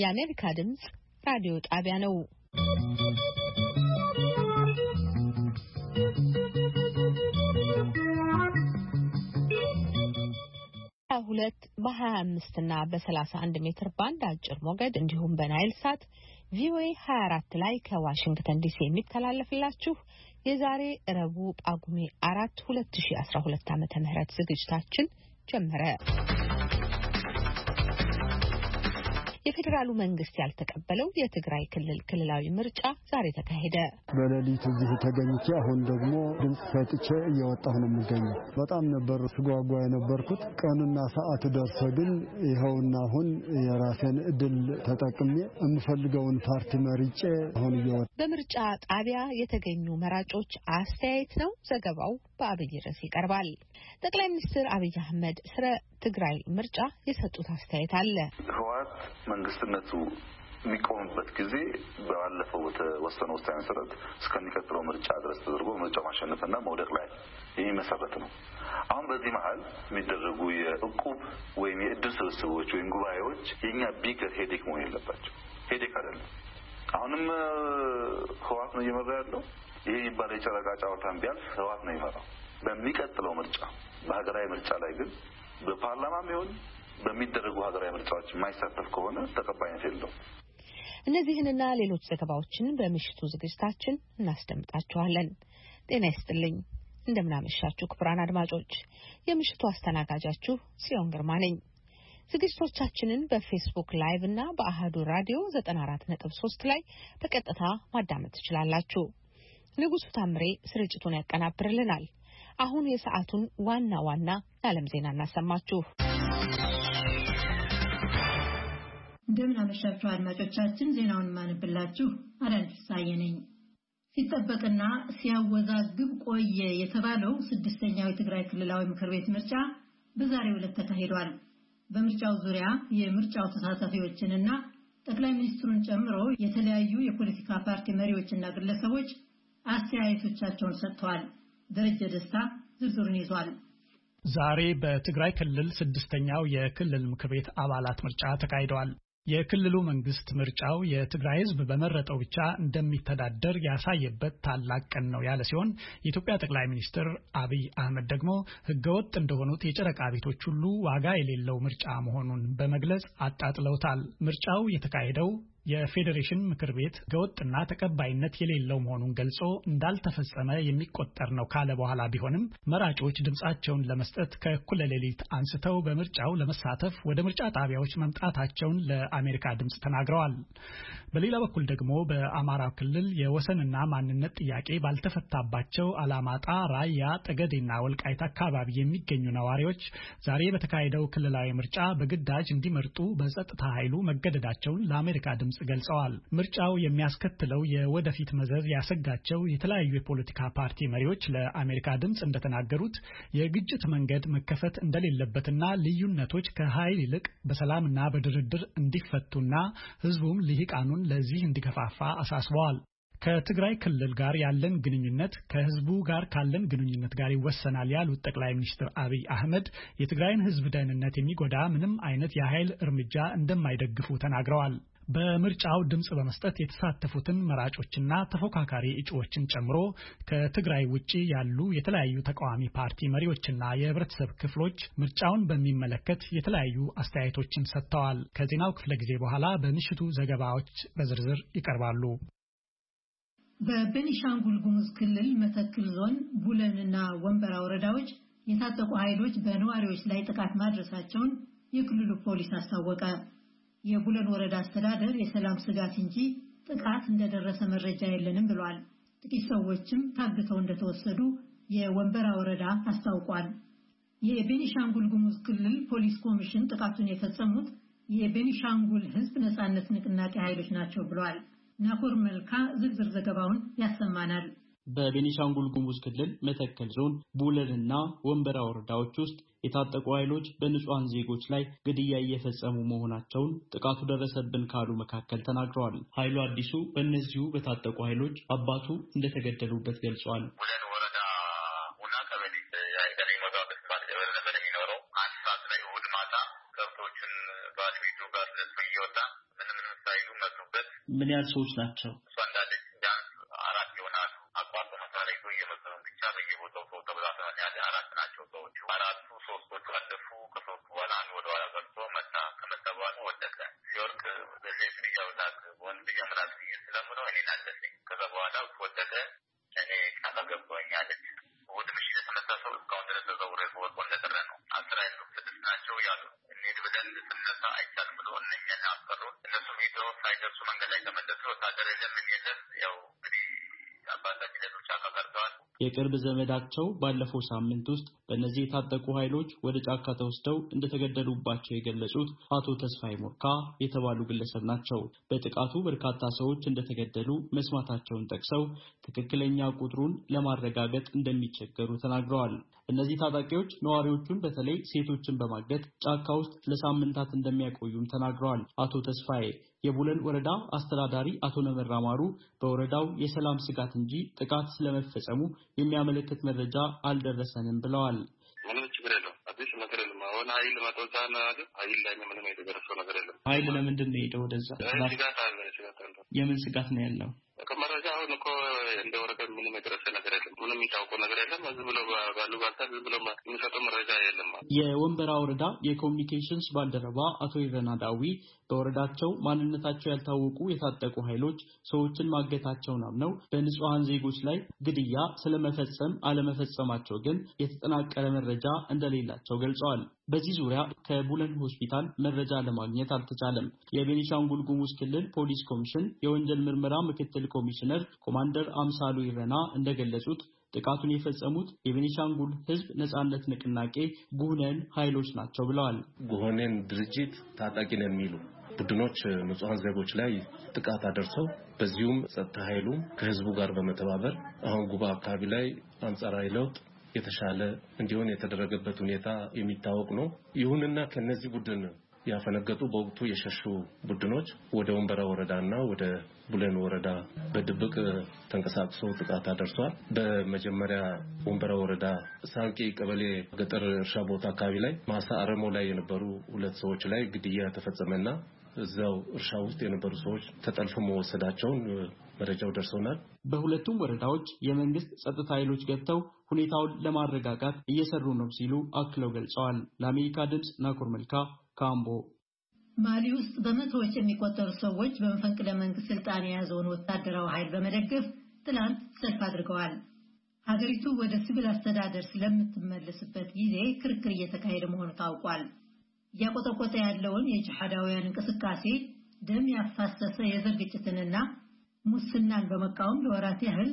የአሜሪካ ድምጽ ራዲዮ ጣቢያ ነው። ሁለት በ25 እና በ31 ሜትር ባንድ አጭር ሞገድ እንዲሁም በናይል ሳት ቪኦኤ 24 ላይ ከዋሽንግተን ዲሲ የሚተላለፍላችሁ የዛሬ እረቡ ጳጉሜ አራት 2012 ዓ.ም ዝግጅታችን ጀመረ። የፌዴራሉ መንግስት ያልተቀበለው የትግራይ ክልል ክልላዊ ምርጫ ዛሬ ተካሄደ። በሌሊት እዚህ ተገኝቼ አሁን ደግሞ ድምፅ ሰጥቼ እየወጣሁ ነው የሚገኘው። በጣም ነበር ስጓጓ የነበርኩት። ቀኑና ሰዓት ደርሶ ግን ይኸውና አሁን የራሴን እድል ተጠቅሜ የምፈልገውን ፓርቲ መርጬ አሁን እየወጣ በምርጫ ጣቢያ የተገኙ መራጮች አስተያየት ነው ዘገባው በአብይ ርዕስ ይቀርባል። ጠቅላይ ሚኒስትር አብይ አህመድ ስለ ትግራይ ምርጫ የሰጡት አስተያየት አለ። ህወሓት መንግስትነቱ የሚቆምበት ጊዜ ባለፈው በተወሰነ ውሳኔ መሰረት እስከሚቀጥለው ምርጫ ድረስ ተደርጎ ምርጫው ማሸነፍና መውደቅ ላይ የሚመሰረት ነው። አሁን በዚህ መሀል የሚደረጉ የእቁብ ወይም የእድር ስብስቦች ወይም ጉባኤዎች የእኛ ቢገር ሄዴክ መሆን የለባቸው። ሄዴክ አይደለም። አሁንም ህወሓት ነው እየመራ ያለው ይህ የሚባለው የጨረቃ ጫወታን ቢያልፍ ህወሓት ነው ይመራው። በሚቀጥለው ምርጫ በሀገራዊ ምርጫ ላይ ግን በፓርላማ ይሁን በሚደረጉ ሀገራዊ ምርጫዎች የማይሳተፍ ከሆነ ተቀባይነት የለውም። እነዚህንና ሌሎች ዘገባዎችን በምሽቱ ዝግጅታችን እናስደምጣችኋለን። ጤና ይስጥልኝ። እንደምናመሻችሁ ክቡራን አድማጮች፣ የምሽቱ አስተናጋጃችሁ ጽዮን ግርማ ነኝ። ዝግጅቶቻችንን በፌስቡክ ላይቭ እና በአህዱ ራዲዮ ሶስት ላይ በቀጥታ ማዳመጥ ትችላላችሁ። ንጉሱ ታምሬ ስርጭቱን ያቀናብርልናል። አሁን የሰዓቱን ዋና ዋና የዓለም ዜና እናሰማችሁ። እንደምን አመሻችሁ አድማጮቻችን። ዜናውን ማንብላችሁ አዳን ፍሳዬ ነኝ። ሲጠበቅና ሲያወዛግብ ቆየ የተባለው ስድስተኛው የትግራይ ክልላዊ ምክር ቤት ምርጫ በዛሬው ዕለት ተካሂዷል። በምርጫው ዙሪያ የምርጫው ተሳታፊዎችንና ጠቅላይ ሚኒስትሩን ጨምሮ የተለያዩ የፖለቲካ ፓርቲ መሪዎችና ግለሰቦች አስተያየቶቻቸውን ሰጥተዋል። ደረጀ ደስታ ዝርዝሩን ይዟል። ዛሬ በትግራይ ክልል ስድስተኛው የክልል ምክር ቤት አባላት ምርጫ ተካሂደዋል። የክልሉ መንግስት ምርጫው የትግራይ ህዝብ በመረጠው ብቻ እንደሚተዳደር ያሳየበት ታላቅ ቀን ነው ያለ ሲሆን የኢትዮጵያ ጠቅላይ ሚኒስትር አብይ አህመድ ደግሞ ህገወጥ እንደሆኑት የጨረቃ ቤቶች ሁሉ ዋጋ የሌለው ምርጫ መሆኑን በመግለጽ አጣጥለውታል። ምርጫው የተካሄደው የፌዴሬሽን ምክር ቤት ህገወጥና ተቀባይነት የሌለው መሆኑን ገልጾ እንዳልተፈጸመ የሚቆጠር ነው ካለ በኋላ ቢሆንም መራጮች ድምፃቸውን ለመስጠት ከእኩለ ሌሊት አንስተው በምርጫው ለመሳተፍ ወደ ምርጫ ጣቢያዎች መምጣታቸውን ለአሜሪካ ድምፅ ተናግረዋል። በሌላ በኩል ደግሞ በአማራ ክልል የወሰንና ማንነት ጥያቄ ባልተፈታባቸው አላማጣ፣ ራያ፣ ጠገዴና ወልቃይት አካባቢ የሚገኙ ነዋሪዎች ዛሬ በተካሄደው ክልላዊ ምርጫ በግዳጅ እንዲመርጡ በጸጥታ ኃይሉ መገደዳቸውን ለአሜሪካ ድምፅ ገልጸዋል። ምርጫው የሚያስከትለው የወደፊት መዘዝ ያሰጋቸው የተለያዩ የፖለቲካ ፓርቲ መሪዎች ለአሜሪካ ድምፅ እንደተናገሩት የግጭት መንገድ መከፈት እንደሌለበትና ልዩነቶች ከኃይል ይልቅ በሰላምና በድርድር እንዲፈቱና ህዝቡም ልሂቃኑን አቋም ለዚህ እንዲገፋፋ አሳስበዋል። ከትግራይ ክልል ጋር ያለን ግንኙነት ከህዝቡ ጋር ካለን ግንኙነት ጋር ይወሰናል ያሉት ጠቅላይ ሚኒስትር አብይ አህመድ የትግራይን ህዝብ ደህንነት የሚጎዳ ምንም አይነት የኃይል እርምጃ እንደማይደግፉ ተናግረዋል። በምርጫው ድምፅ በመስጠት የተሳተፉትን መራጮችና ተፎካካሪ እጩዎችን ጨምሮ ከትግራይ ውጭ ያሉ የተለያዩ ተቃዋሚ ፓርቲ መሪዎችና የህብረተሰብ ክፍሎች ምርጫውን በሚመለከት የተለያዩ አስተያየቶችን ሰጥተዋል። ከዜናው ክፍለ ጊዜ በኋላ በምሽቱ ዘገባዎች በዝርዝር ይቀርባሉ። በቤኒሻንጉል ጉሙዝ ክልል መተክል ዞን ቡለንና ወንበራ ወረዳዎች የታጠቁ ኃይሎች በነዋሪዎች ላይ ጥቃት ማድረሳቸውን የክልሉ ፖሊስ አስታወቀ። የቡለን ወረዳ አስተዳደር የሰላም ስጋት እንጂ ጥቃት እንደደረሰ መረጃ የለንም ብሏል። ጥቂት ሰዎችም ታግተው እንደተወሰዱ የወንበራ ወረዳ አስታውቋል። የቤኒሻንጉል ጉሙዝ ክልል ፖሊስ ኮሚሽን ጥቃቱን የፈጸሙት የቤኒሻንጉል ሕዝብ ነፃነት ንቅናቄ ኃይሎች ናቸው ብሏል። ናኮር መልካ ዝርዝር ዘገባውን ያሰማናል። በቤኒሻንጉል ጉሙዝ ክልል መተከል ዞን ቡለንና ወንበራ ወረዳዎች ውስጥ የታጠቁ ኃይሎች በንጹሐን ዜጎች ላይ ግድያ እየፈጸሙ መሆናቸውን ጥቃቱ ደረሰብን ካሉ መካከል ተናግረዋል። ኃይሉ አዲሱ በእነዚሁ በታጠቁ ኃይሎች አባቱ እንደተገደሉበት ገልጿል። ምን ያህል ሰዎች ናቸው? ወደን ብሎ እነኛን እነሱ ሄዶ ሳይደርሱ መንገድ ላይ ተመለሱ። ወታደር የለምን የለም ያው የቅርብ ዘመዳቸው ባለፈው ሳምንት ውስጥ በእነዚህ የታጠቁ ኃይሎች ወደ ጫካ ተወስደው እንደተገደሉባቸው የገለጹት አቶ ተስፋይ ሞርካ የተባሉ ግለሰብ ናቸው። በጥቃቱ በርካታ ሰዎች እንደተገደሉ መስማታቸውን ጠቅሰው ትክክለኛ ቁጥሩን ለማረጋገጥ እንደሚቸገሩ ተናግረዋል። እነዚህ ታጣቂዎች ነዋሪዎቹን በተለይ ሴቶችን በማገት ጫካ ውስጥ ለሳምንታት እንደሚያቆዩም ተናግረዋል። አቶ ተስፋዬ የቡለን ወረዳ አስተዳዳሪ አቶ ነመራ ማሩ በወረዳው የሰላም ስጋት እንጂ ጥቃት ስለመፈጸሙ የሚያመለክት መረጃ አልደረሰንም ብለዋል። ምንም ላይ ምንም የተደረሰው ነገር የለም። ለምንድን ነው የሄደው ወደዛ? ስጋት አለ። ስጋት አለ። የምን ስጋት ነው ያለው? መረጃ አሁን እኮ እንደ ወረቀት ምንም የደረሰ ነገር የለም። ምንም የሚታወቀው ነገር የለም። ዝም ብሎ ባሉ ባልታ ዝም ብሎ የሚሰጠው መረጃ የለም። የወንበራ ወረዳ የኮሚኒኬሽንስ ባልደረባ አቶ ይረና ዳዊ በወረዳቸው ማንነታቸው ያልታወቁ የታጠቁ ኃይሎች ሰዎችን ማገታቸውን አምነው በንጹሐን ዜጎች ላይ ግድያ ስለመፈጸም አለመፈጸማቸው ግን የተጠናቀረ መረጃ እንደሌላቸው ገልጸዋል። በዚህ ዙሪያ ከቡለን ሆስፒታል መረጃ ለማግኘት አልተቻለም። የቤኒሻንጉል ጉሙዝ ክልል ፖሊስ ኮሚሽን የወንጀል ምርመራ ምክትል ኮሚሽነር ኮማንደር አምሳሉ ይረና እንደገለጹት ጥቃቱን የፈጸሙት የቤኒሻንጉል ህዝብ ነጻነት ንቅናቄ ጉህነን ኃይሎች ናቸው ብለዋል። ጉህነን ድርጅት ታጣቂ ነው የሚሉ ቡድኖች ንጹሐን ዜጎች ላይ ጥቃት አደርሰው በዚሁም ጸጥታ ኃይሉ ከህዝቡ ጋር በመተባበር አሁን ጉባ አካባቢ ላይ አንጻራዊ ለውጥ የተሻለ እንዲሆን የተደረገበት ሁኔታ የሚታወቅ ነው። ይሁንና ከነዚህ ቡድን ያፈነገጡ በወቅቱ የሸሹ ቡድኖች ወደ ወንበራ ወረዳና ወደ ቡለን ወረዳ በድብቅ ተንቀሳቅሶ ጥቃት አደርሷል። በመጀመሪያ ወንበራ ወረዳ ሳንቂ ቀበሌ ገጠር እርሻ ቦታ አካባቢ ላይ ማሳ አረሞ ላይ የነበሩ ሁለት ሰዎች ላይ ግድያ ተፈጸመና እዛው እርሻ ውስጥ የነበሩ ሰዎች ተጠልፎ መወሰዳቸውን መረጃው ደርሶናል። በሁለቱም ወረዳዎች የመንግስት ጸጥታ ኃይሎች ገብተው ሁኔታውን ለማረጋጋት እየሰሩ ነው ሲሉ አክለው ገልጸዋል። ለአሜሪካ ድምፅ ናኮር መልካ ካምቦ ማሊ ውስጥ በመቶዎች የሚቆጠሩ ሰዎች በመፈንቅለ መንግስት ስልጣን የያዘውን ወታደራዊ ኃይል በመደገፍ ትላንት ሰልፍ አድርገዋል። ሀገሪቱ ወደ ሲቪል አስተዳደር ስለምትመለስበት ጊዜ ክርክር እየተካሄደ መሆኑ ታውቋል። እያቆጠቆጠ ያለውን የጅሃዳውያን እንቅስቃሴ ደም ያፋሰሰ የዘር ግጭትንና ሙስናን በመቃወም ለወራት ያህል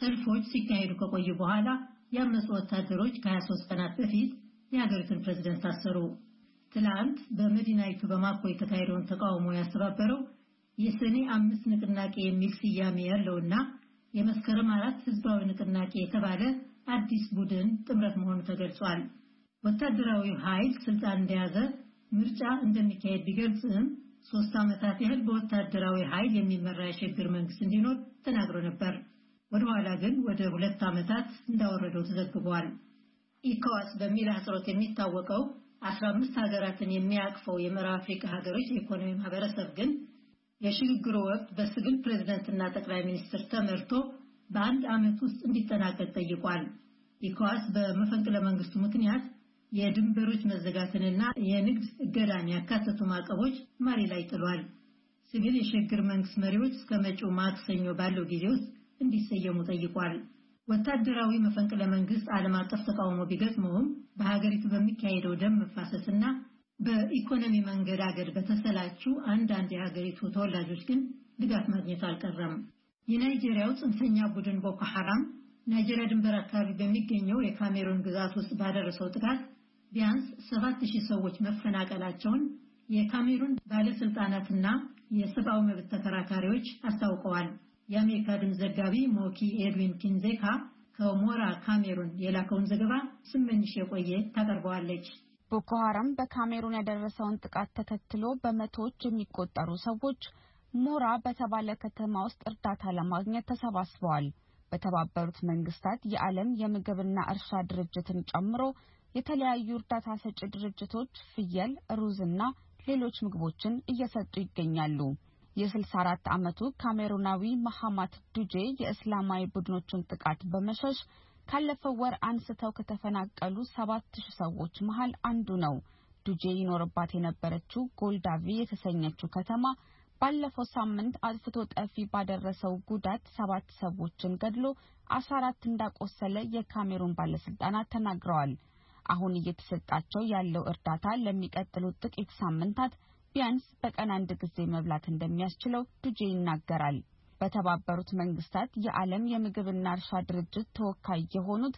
ሰልፎች ሲካሄዱ ከቆዩ በኋላ ያመፁ ወታደሮች ከ23 ቀናት በፊት የሀገሪቱን ፕሬዝደንት ታሰሩ። ትናንት በመዲናይቱ በማኮ የተካሄደውን ተቃውሞ ያስተባበረው የሰኔ አምስት ንቅናቄ የሚል ስያሜ ያለውና የመስከረም አራት ህዝባዊ ንቅናቄ የተባለ አዲስ ቡድን ጥምረት መሆኑ ተገልጿል። ወታደራዊው ኃይል ስልጣን እንደያዘ ምርጫ እንደሚካሄድ ቢገልጽም ሶስት ዓመታት ያህል በወታደራዊ ኃይል የሚመራ የሽግግር መንግስት እንዲኖር ተናግሮ ነበር። ወደ ኋላ ግን ወደ ሁለት ዓመታት እንዳወረደው ተዘግቧል። ኢኮዋስ በሚል አጽሮት የሚታወቀው አስራአምስት ሀገራትን የሚያቅፈው የምዕራብ አፍሪካ ሀገሮች የኢኮኖሚ ማህበረሰብ ግን የሽግግሩ ወቅት በስግል ፕሬዝደንትና ጠቅላይ ሚኒስትር ተመርቶ በአንድ ዓመት ውስጥ እንዲጠናቀቅ ጠይቋል። ኢኮዋስ በመፈንቅለ መንግስቱ ምክንያት የድንበሮች መዘጋትንና የንግድ እገዳን ያካተቱ ማዕቀቦች መሪ ላይ ጥሏል። ስግል የሽግግር መንግስት መሪዎች እስከ መጪው ማክሰኞ ባለው ጊዜ ውስጥ እንዲሰየሙ ጠይቋል። ወታደራዊ መፈንቅለ መንግስት ዓለም አቀፍ ተቃውሞ ቢገጥመውም በሀገሪቱ በሚካሄደው ደም መፋሰስና በኢኮኖሚ መንገድ አገድ በተሰላቹ አንዳንድ የሀገሪቱ ተወላጆች ግን ድጋፍ ማግኘቱ አልቀረም። የናይጄሪያው ጽንፈኛ ቡድን ቦኮ ሐራም ናይጄሪያ ድንበር አካባቢ በሚገኘው የካሜሩን ግዛት ውስጥ ባደረሰው ጥቃት ቢያንስ ሰባት ሺህ ሰዎች መፈናቀላቸውን የካሜሩን ባለስልጣናትና የሰብአዊ መብት ተከራካሪዎች አስታውቀዋል። የአሜሪካ ድምፅ ዘጋቢ ሞኪ ኤድዊን ኪንዜካ ከሞራ ካሜሩን የላከውን ዘገባ ስመኝሽ የቆየ ታቀርበዋለች። ቦኮ ሀራም በካሜሩን ያደረሰውን ጥቃት ተከትሎ በመቶዎች የሚቆጠሩ ሰዎች ሞራ በተባለ ከተማ ውስጥ እርዳታ ለማግኘት ተሰባስበዋል። በተባበሩት መንግስታት የዓለም የምግብና እርሻ ድርጅትን ጨምሮ የተለያዩ እርዳታ ሰጪ ድርጅቶች ፍየል፣ ሩዝ እና ሌሎች ምግቦችን እየሰጡ ይገኛሉ። የ64 ዓመቱ ካሜሩናዊ መሐማት ዱጄ የእስላማዊ ቡድኖችን ጥቃት በመሸሽ ካለፈው ወር አንስተው ከተፈናቀሉ 7000 ሰዎች መሃል አንዱ ነው። ዱጄ ይኖርባት የነበረችው ጎልዳቪ የተሰኘችው ከተማ ባለፈው ሳምንት አጥፍቶ ጠፊ ባደረሰው ጉዳት ሰባት ሰዎችን ገድሎ 14 እንዳቆሰለ የካሜሩን ባለስልጣናት ተናግረዋል። አሁን እየተሰጣቸው ያለው እርዳታ ለሚቀጥሉት ጥቂት ሳምንታት ቢያንስ በቀን አንድ ጊዜ መብላት እንደሚያስችለው ዱጄ ይናገራል። በተባበሩት መንግስታት የዓለም የምግብና እርሻ ድርጅት ተወካይ የሆኑት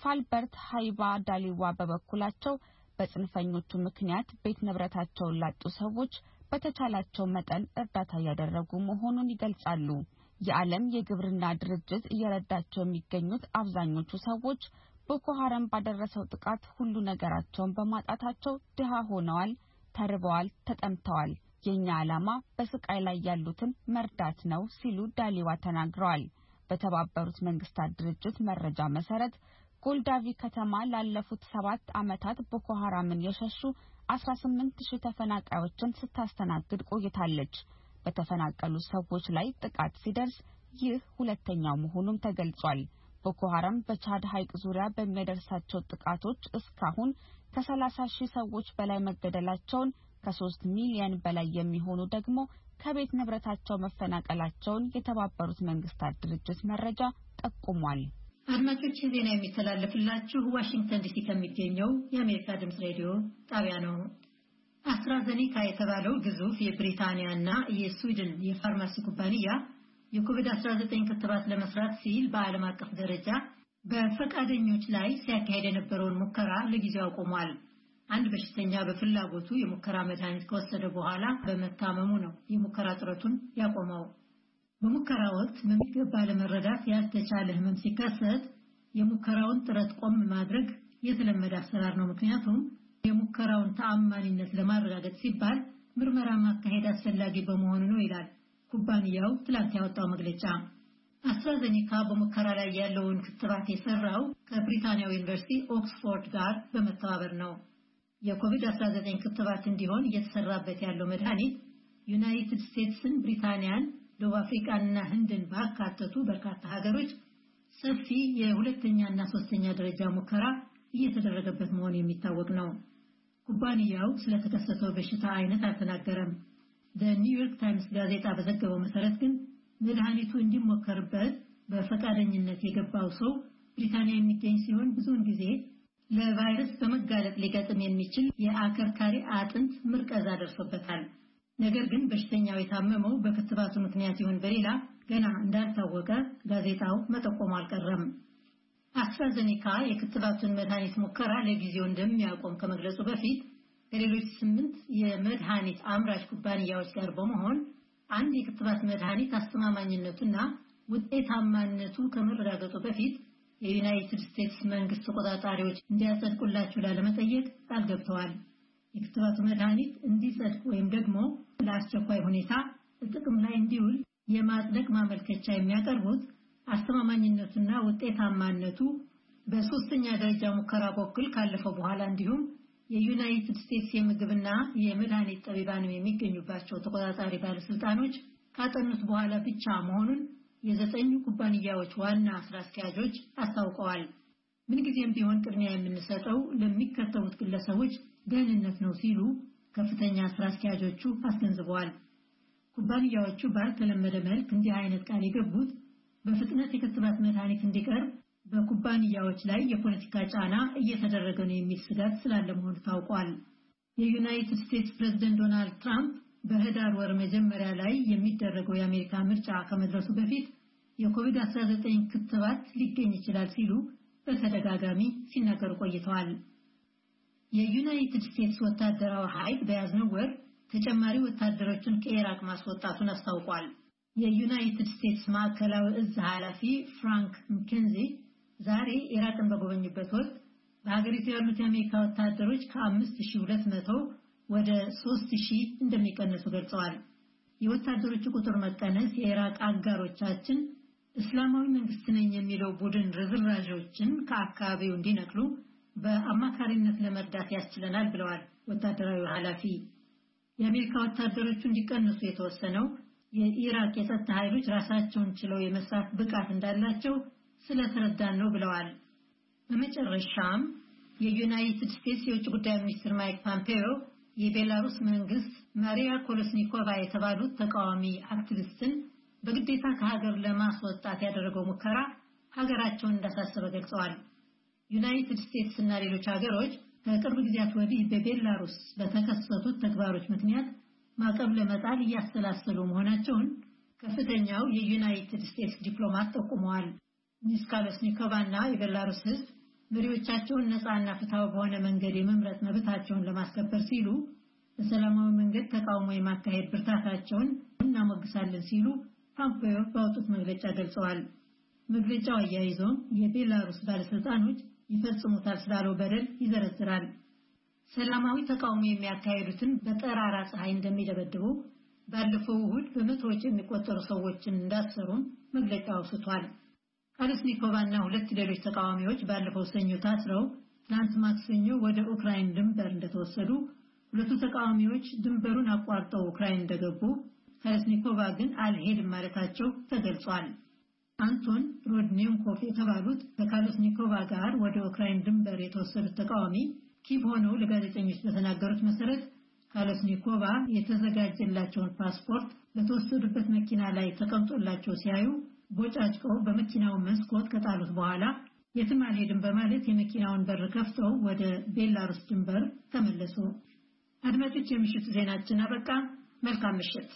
ፋልበርት ሃይባ ዳሊዋ በበኩላቸው በጽንፈኞቹ ምክንያት ቤት ንብረታቸውን ላጡ ሰዎች በተቻላቸው መጠን እርዳታ እያደረጉ መሆኑን ይገልጻሉ። የዓለም የግብርና ድርጅት እየረዳቸው የሚገኙት አብዛኞቹ ሰዎች ቦኮ ሀረም ባደረሰው ጥቃት ሁሉ ነገራቸውን በማጣታቸው ድሃ ሆነዋል ተርበዋል፣ ተጠምተዋል። የእኛ ዓላማ በስቃይ ላይ ያሉትን መርዳት ነው ሲሉ ዳሊዋ ተናግረዋል። በተባበሩት መንግስታት ድርጅት መረጃ መሰረት ጎልዳቪ ከተማ ላለፉት ሰባት ዓመታት ቦኮ የሸሹ 18 ሺህ ተፈናቃዮችን ስታስተናግድ ቆይታለች። በተፈናቀሉ ሰዎች ላይ ጥቃት ሲደርስ ይህ ሁለተኛው መሆኑም ተገልጿል። ቦኮ በቻድ ሐይቅ ዙሪያ በሚያደርሳቸው ጥቃቶች እስካሁን ከ30 ሺህ ሰዎች በላይ መገደላቸውን ከ3 ሚሊየን በላይ የሚሆኑ ደግሞ ከቤት ንብረታቸው መፈናቀላቸውን የተባበሩት መንግስታት ድርጅት መረጃ ጠቁሟል። አድማጮች ዜና የሚተላለፍላችሁ ዋሽንግተን ዲሲ ከሚገኘው የአሜሪካ ድምፅ ሬዲዮ ጣቢያ ነው። አስትራዘኔካ የተባለው ግዙፍ የብሪታንያ እና የስዊድን የፋርማሲ ኩባንያ የኮቪድ-19 ክትባት ለመስራት ሲል በዓለም አቀፍ ደረጃ በፈቃደኞች ላይ ሲያካሄድ የነበረውን ሙከራ ለጊዜው አቁሟል። አንድ በሽተኛ በፍላጎቱ የሙከራ መድኃኒት ከወሰደ በኋላ በመታመሙ ነው የሙከራ ጥረቱን ያቆመው። በሙከራ ወቅት በሚገባ ለመረዳት ያልተቻለ ህመም ሲከሰት የሙከራውን ጥረት ቆም ማድረግ የተለመደ አሰራር ነው። ምክንያቱም የሙከራውን ተአማኒነት ለማረጋገጥ ሲባል ምርመራ ማካሄድ አስፈላጊ በመሆኑ ነው ይላል ኩባንያው ትላንት ያወጣው መግለጫ። አስትራዘኒካ በሙከራ ላይ ያለውን ክትባት የሰራው ከብሪታንያው ዩኒቨርሲቲ ኦክስፎርድ ጋር በመተባበር ነው። የኮቪድ-19 ክትባት እንዲሆን እየተሰራበት ያለው መድኃኒት ዩናይትድ ስቴትስን፣ ብሪታንያን፣ ደቡብ አፍሪቃንና ህንድን ባካተቱ በርካታ ሀገሮች ሰፊ የሁለተኛ ና ሶስተኛ ደረጃ ሙከራ እየተደረገበት መሆኑ የሚታወቅ ነው። ኩባንያው ስለተከሰተው በሽታ አይነት አልተናገረም። ዘ ኒውዮርክ ታይምስ ጋዜጣ በዘገበው መሰረት ግን መድኃኒቱ እንዲሞከርበት በፈቃደኝነት የገባው ሰው ብሪታንያ የሚገኝ ሲሆን ብዙውን ጊዜ ለቫይረስ በመጋለጥ ሊገጥም የሚችል የአከርካሪ አጥንት ምርቀዛ ደርሶበታል። ነገር ግን በሽተኛው የታመመው በክትባቱ ምክንያት ይሁን በሌላ ገና እንዳልታወቀ ጋዜጣው መጠቆሙ አልቀረም። አስትራዘኔካ የክትባቱን መድኃኒት ሙከራ ለጊዜው እንደሚያቆም ከመግለጹ በፊት ከሌሎች ስምንት የመድኃኒት አምራች ኩባንያዎች ጋር በመሆን አንድ የክትባት መድኃኒት አስተማማኝነቱና ውጤታማነቱ ከመረጋገጡ በፊት የዩናይትድ ስቴትስ መንግስት ተቆጣጣሪዎች እንዲያጸድቁላችሁ ላለመጠየቅ ቃል ገብተዋል። የክትባቱ መድኃኒት እንዲጸድቅ ወይም ደግሞ ለአስቸኳይ ሁኔታ ጥቅም ላይ እንዲውል የማጽደቅ ማመልከቻ የሚያቀርቡት አስተማማኝነቱና ውጤታማነቱ በሶስተኛ ደረጃ ሙከራ በኩል ካለፈው በኋላ እንዲሁም የዩናይትድ ስቴትስ የምግብና የመድኃኒት ጠቢባን የሚገኙባቸው ተቆጣጣሪ ባለስልጣኖች ካጠኑት በኋላ ብቻ መሆኑን የዘጠኙ ኩባንያዎች ዋና ስራ አስኪያጆች አስታውቀዋል። ምንጊዜም ቢሆን ቅድሚያ የምንሰጠው ለሚከተሉት ግለሰቦች ደህንነት ነው ሲሉ ከፍተኛ ስራ አስኪያጆቹ አስገንዝበዋል። ኩባንያዎቹ ባልተለመደ መልክ እንዲህ አይነት ቃል የገቡት በፍጥነት የክትባት መድኃኒት እንዲቀርብ በኩባንያዎች ላይ የፖለቲካ ጫና እየተደረገ ነው የሚል ስጋት ስላለ መሆኑ ታውቋል። የዩናይትድ ስቴትስ ፕሬዝደንት ዶናልድ ትራምፕ በህዳር ወር መጀመሪያ ላይ የሚደረገው የአሜሪካ ምርጫ ከመድረሱ በፊት የኮቪድ-19 ክትባት ሊገኝ ይችላል ሲሉ በተደጋጋሚ ሲናገሩ ቆይተዋል። የዩናይትድ ስቴትስ ወታደራዊ ኃይል በያዝነው ወር ተጨማሪ ወታደሮችን ከኢራቅ ማስወጣቱን አስታውቋል። የዩናይትድ ስቴትስ ማዕከላዊ እዝ ኃላፊ ፍራንክ ምኬንዚ ዛሬ ኢራቅን በጎበኙበት ወቅት በሀገሪቱ ያሉት የአሜሪካ ወታደሮች ከ5200 ወደ ሺህ እንደሚቀነሱ ገልጸዋል። የወታደሮቹ ቁጥር መቀነስ የኢራቅ አጋሮቻችን እስላማዊ መንግስት ነኝ የሚለው ቡድን ርዝራዦችን ከአካባቢው እንዲነቅሉ በአማካሪነት ለመርዳት ያስችለናል ብለዋል ወታደራዊ ኃላፊ። የአሜሪካ ወታደሮቹ እንዲቀንሱ የተወሰነው የኢራቅ የጸጥታ ኃይሎች ራሳቸውን ችለው የመስራት ብቃት እንዳላቸው ስለተረዳን ነው ብለዋል። በመጨረሻም የዩናይትድ ስቴትስ የውጭ ጉዳይ ሚኒስትር ማይክ ፖምፔዮ የቤላሩስ መንግስት ማሪያ ኮሎስኒኮቫ የተባሉት ተቃዋሚ አክቲቪስትን በግዴታ ከሀገር ለማስወጣት ያደረገው ሙከራ ሀገራቸውን እንዳሳሰበ ገልጸዋል። ዩናይትድ ስቴትስ እና ሌሎች ሀገሮች ከቅርብ ጊዜያት ወዲህ በቤላሩስ በተከሰቱት ተግባሮች ምክንያት ማዕቀብ ለመጣል እያሰላሰሉ መሆናቸውን ከፍተኛው የዩናይትድ ስቴትስ ዲፕሎማት ጠቁመዋል። ሚስካለስኒኮቫና የቤላሩስ ህዝብ መሪዎቻቸውን ነፃና ፍትሐዊ በሆነ መንገድ የመምረጥ መብታቸውን ለማስከበር ሲሉ በሰላማዊ መንገድ ተቃውሞ የማካሄድ ብርታታቸውን እናሞግሳለን ሲሉ ፓምፖዮ ባወጡት መግለጫ ገልጸዋል። መግለጫው አያይዞም የቤላሩስ ባለስልጣኖች ይፈጽሙታል ስላለው በደል ይዘረዝራል። ሰላማዊ ተቃውሞ የሚያካሄዱትን በጠራራ ፀሐይ እንደሚደበድቡ፣ ባለፈው እሁድ በመቶዎች የሚቆጠሩ ሰዎችን እንዳሰሩም መግለጫው አውስቷል። እና ሁለት ሌሎች ተቃዋሚዎች ባለፈው ሰኞ ታስረው ትናንት ማክሰኞ ወደ ኡክራይን ድንበር እንደተወሰዱ፣ ሁለቱ ተቃዋሚዎች ድንበሩን አቋርጠው ኡክራይን እንደገቡ ከለስኒኮቫ ግን አልሄድም ማለታቸው ተገልጿል። አንቶን ሮድኔንኮቭ የተባሉት ከካለስኒኮቫ ጋር ወደ ኡክራይን ድንበር የተወሰዱት ተቃዋሚ ኪቭ ሆነው ለጋዜጠኞች በተናገሩት መሰረት ካለስኒኮቫ የተዘጋጀላቸውን ፓስፖርት በተወሰዱበት መኪና ላይ ተቀምጦላቸው ሲያዩ ቦጫጭቀው በመኪናው መስኮት ከጣሉት በኋላ የትም አልሄድም በማለት የመኪናውን በር ከፍተው ወደ ቤላሩስ ድንበር ተመለሱ። አድማጮች፣ የምሽቱ ዜናችን አበቃ። መልካም ምሽት።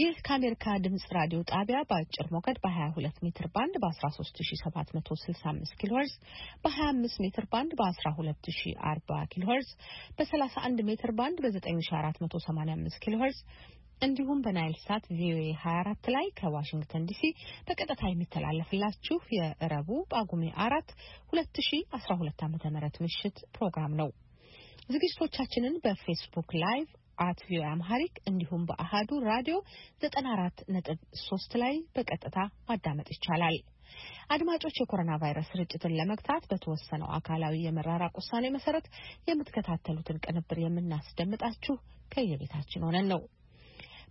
ይህ ከአሜሪካ ድምጽ ራዲዮ ጣቢያ በአጭር ሞገድ በ22 ሜትር ባንድ በ13765 ኪሎ በ25 ሜትር ባንድ በ1240 ኪሎ በ31 ሜትር ባንድ በ9485 ኪሎ እንዲሁም በናይል ሳት ቪኦኤ 24 ላይ ከዋሽንግተን ዲሲ በቀጥታ የሚተላለፍላችሁ የእረቡ ጳጉሜ አራት 2012 ዓ.ም ምሽት ፕሮግራም ነው። ዝግጅቶቻችንን በፌስቡክ ላይቭ አት ቪኦኤ አምሃሪክ እንዲሁም በአሃዱ ራዲዮ 94.3 ላይ በቀጥታ ማዳመጥ ይቻላል። አድማጮች የኮሮና ቫይረስ ስርጭትን ለመግታት በተወሰነው አካላዊ የመራራቅ ውሳኔ መሰረት የምትከታተሉትን ቅንብር የምናስደምጣችሁ ከየቤታችን ሆነን ነው።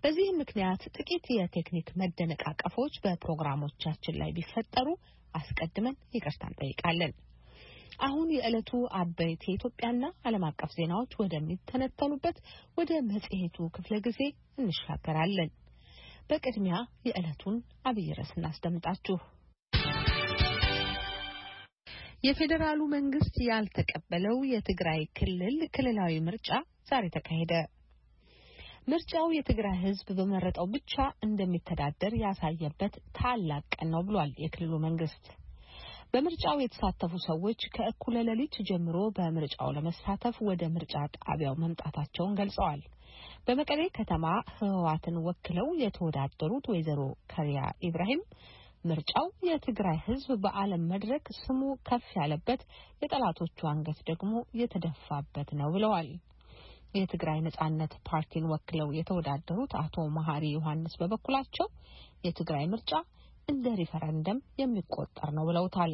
በዚህም ምክንያት ጥቂት የቴክኒክ መደነቃቀፎች በፕሮግራሞቻችን ላይ ቢፈጠሩ አስቀድመን ይቅርታ እንጠይቃለን። አሁን የዕለቱ አበይት የኢትዮጵያና ዓለም አቀፍ ዜናዎች ወደሚተነተኑበት ወደ መጽሔቱ ክፍለ ጊዜ እንሻገራለን። በቅድሚያ የዕለቱን አብይ ርዕስ እናስደምጣችሁ። የፌዴራሉ መንግስት ያልተቀበለው የትግራይ ክልል ክልላዊ ምርጫ ዛሬ ተካሄደ። ምርጫው የትግራይ ህዝብ በመረጠው ብቻ እንደሚተዳደር ያሳየበት ታላቅ ቀን ነው ብሏል የክልሉ መንግስት። በምርጫው የተሳተፉ ሰዎች ከእኩለ ሌሊት ጀምሮ በምርጫው ለመሳተፍ ወደ ምርጫ ጣቢያው መምጣታቸውን ገልጸዋል። በመቀሌ ከተማ ህወሓትን ወክለው የተወዳደሩት ወይዘሮ ከሪያ ኢብራሂም ምርጫው የትግራይ ህዝብ በዓለም መድረክ ስሙ ከፍ ያለበት የጠላቶቹ አንገት ደግሞ የተደፋበት ነው ብለዋል። የትግራይ ነጻነት ፓርቲን ወክለው የተወዳደሩት አቶ መሀሪ ዮሐንስ በበኩላቸው የትግራይ ምርጫ እንደ ሪፈረንደም የሚቆጠር ነው ብለውታል።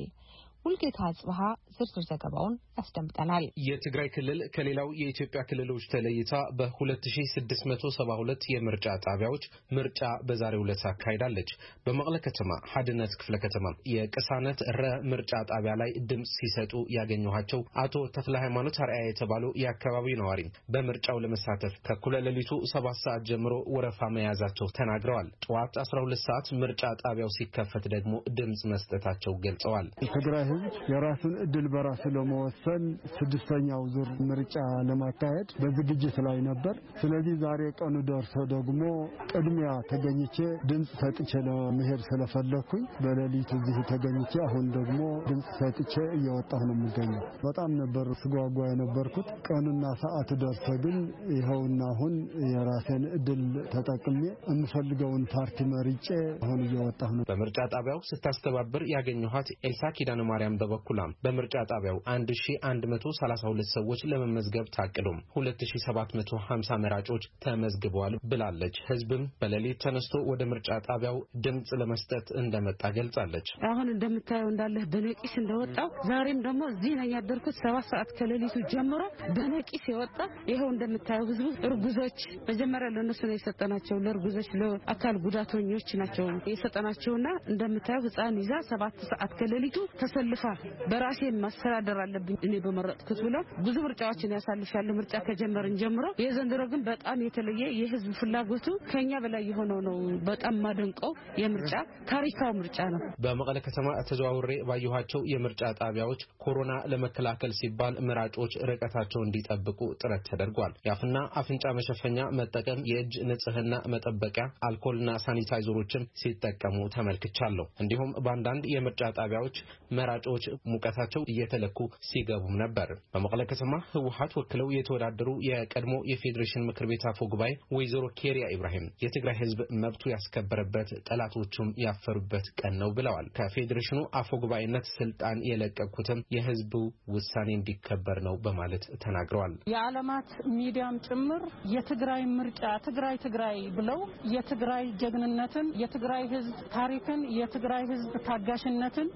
ሁልጌታ አጽብሃ ዝርዝር ዘገባውን ያስደምጠናል። የትግራይ ክልል ከሌላው የኢትዮጵያ ክልሎች ተለይታ በ2672 የምርጫ ጣቢያዎች ምርጫ በዛሬው ዕለት አካሂዳለች። በመቀለ ከተማ ሀድነት ክፍለ ከተማ የቅሳነት ረ ምርጫ ጣቢያ ላይ ድምፅ ሲሰጡ ያገኘኋቸው አቶ ተክለ ሃይማኖት አርአያ የተባሉ የአካባቢው ነዋሪ በምርጫው ለመሳተፍ ከኩለ ሌሊቱ ሰባት ሰዓት ጀምሮ ወረፋ መያዛቸው ተናግረዋል። ጠዋት 12 ሰዓት ምርጫ ጣቢያው ሲከፈት ደግሞ ድምፅ መስጠታቸው ገልጸዋል። ሕዝብ የራሱን እድል በራሱ ለመወሰን ስድስተኛው ዙር ምርጫ ለማካሄድ በዝግጅት ላይ ነበር። ስለዚህ ዛሬ ቀኑ ደርሶ ደግሞ ቅድሚያ ተገኝቼ ድምፅ ሰጥቼ ለመሄድ ስለፈለግኩኝ በሌሊት እዚህ ተገኝቼ አሁን ደግሞ ድምፅ ሰጥቼ እየወጣሁ ነው የምገኘው። በጣም ነበር ስጓጓ የነበርኩት። ቀኑና ሰዓት ደርሶ ግን ይኸውና አሁን የራሴን እድል ተጠቅሜ የምፈልገውን ፓርቲ መርጬ አሁን እየወጣሁ ነው። በምርጫ ጣቢያው ስታስተባብር ያገኘኋት ኤልሳ ኪዳነ ማርያም ማርያም በበኩሏም በምርጫ ጣቢያው 1132 ሰዎች ለመመዝገብ ታቅዶም 2750 መራጮች ተመዝግበዋል ብላለች። ህዝብም በሌሊት ተነስቶ ወደ ምርጫ ጣቢያው ድምፅ ለመስጠት እንደመጣ ገልጻለች። አሁን እንደምታየው እንዳለህ በነቂስ እንደወጣው ዛሬም ደግሞ እዚህ ነው ያደርኩት። ሰባት ሰዓት ከሌሊቱ ጀምሮ በነቂስ የወጣ ይኸው እንደምታየው ህዝቡ እርጉዞች መጀመሪያ ለእነሱ ነው የሰጠናቸው። ለእርጉዞች ለአካል ጉዳተኞች ናቸው የሰጠናቸውና እንደምታየው ህፃን ይዛ ሰባት ሰዓት ከሌሊቱ ተሰ አሳልፋ በራሴን ማስተዳደር አለብኝ እኔ በመረጥኩት ብለው ብዙ ምርጫዎችን ያሳልፋሉ። ምርጫ ከጀመርን ጀምሮ የዘንድሮ ግን በጣም የተለየ የህዝብ ፍላጎቱ ከኛ በላይ የሆነው ነው። በጣም ማደንቀው የምርጫ ታሪካዊ ምርጫ ነው። በመቀለ ከተማ ተዘዋውሬ ባየኋቸው የምርጫ ጣቢያዎች ኮሮና ለመከላከል ሲባል መራጮች ርቀታቸው እንዲጠብቁ ጥረት ተደርጓል። የአፍና አፍንጫ መሸፈኛ መጠቀም፣ የእጅ ንጽህና መጠበቂያ፣ አልኮልና ሳኒታይዘሮችም ሲጠቀሙ ተመልክቻለሁ። እንዲሁም በአንዳንድ የምርጫ ጣቢያዎች መራ እጩዎች ሙቀታቸው እየተለኩ ሲገቡም ነበር። በመቀለ ከተማ ህወሀት ወክለው የተወዳደሩ የቀድሞ የፌዴሬሽን ምክር ቤት አፈ ጉባኤ ወይዘሮ ኬሪያ ኢብራሂም የትግራይ ህዝብ መብቱ ያስከበረበት ጠላቶቹም ያፈሩበት ቀን ነው ብለዋል። ከፌዴሬሽኑ አፈ ጉባኤነት ስልጣን የለቀኩትም የህዝቡ ውሳኔ እንዲከበር ነው በማለት ተናግረዋል። የዓለማት ሚዲያም ጭምር የትግራይ ምርጫ ትግራይ ትግራይ ብለው የትግራይ ጀግንነትን፣ የትግራይ ህዝብ ታሪክን፣ የትግራይ ህዝብ ታጋሽነትን፣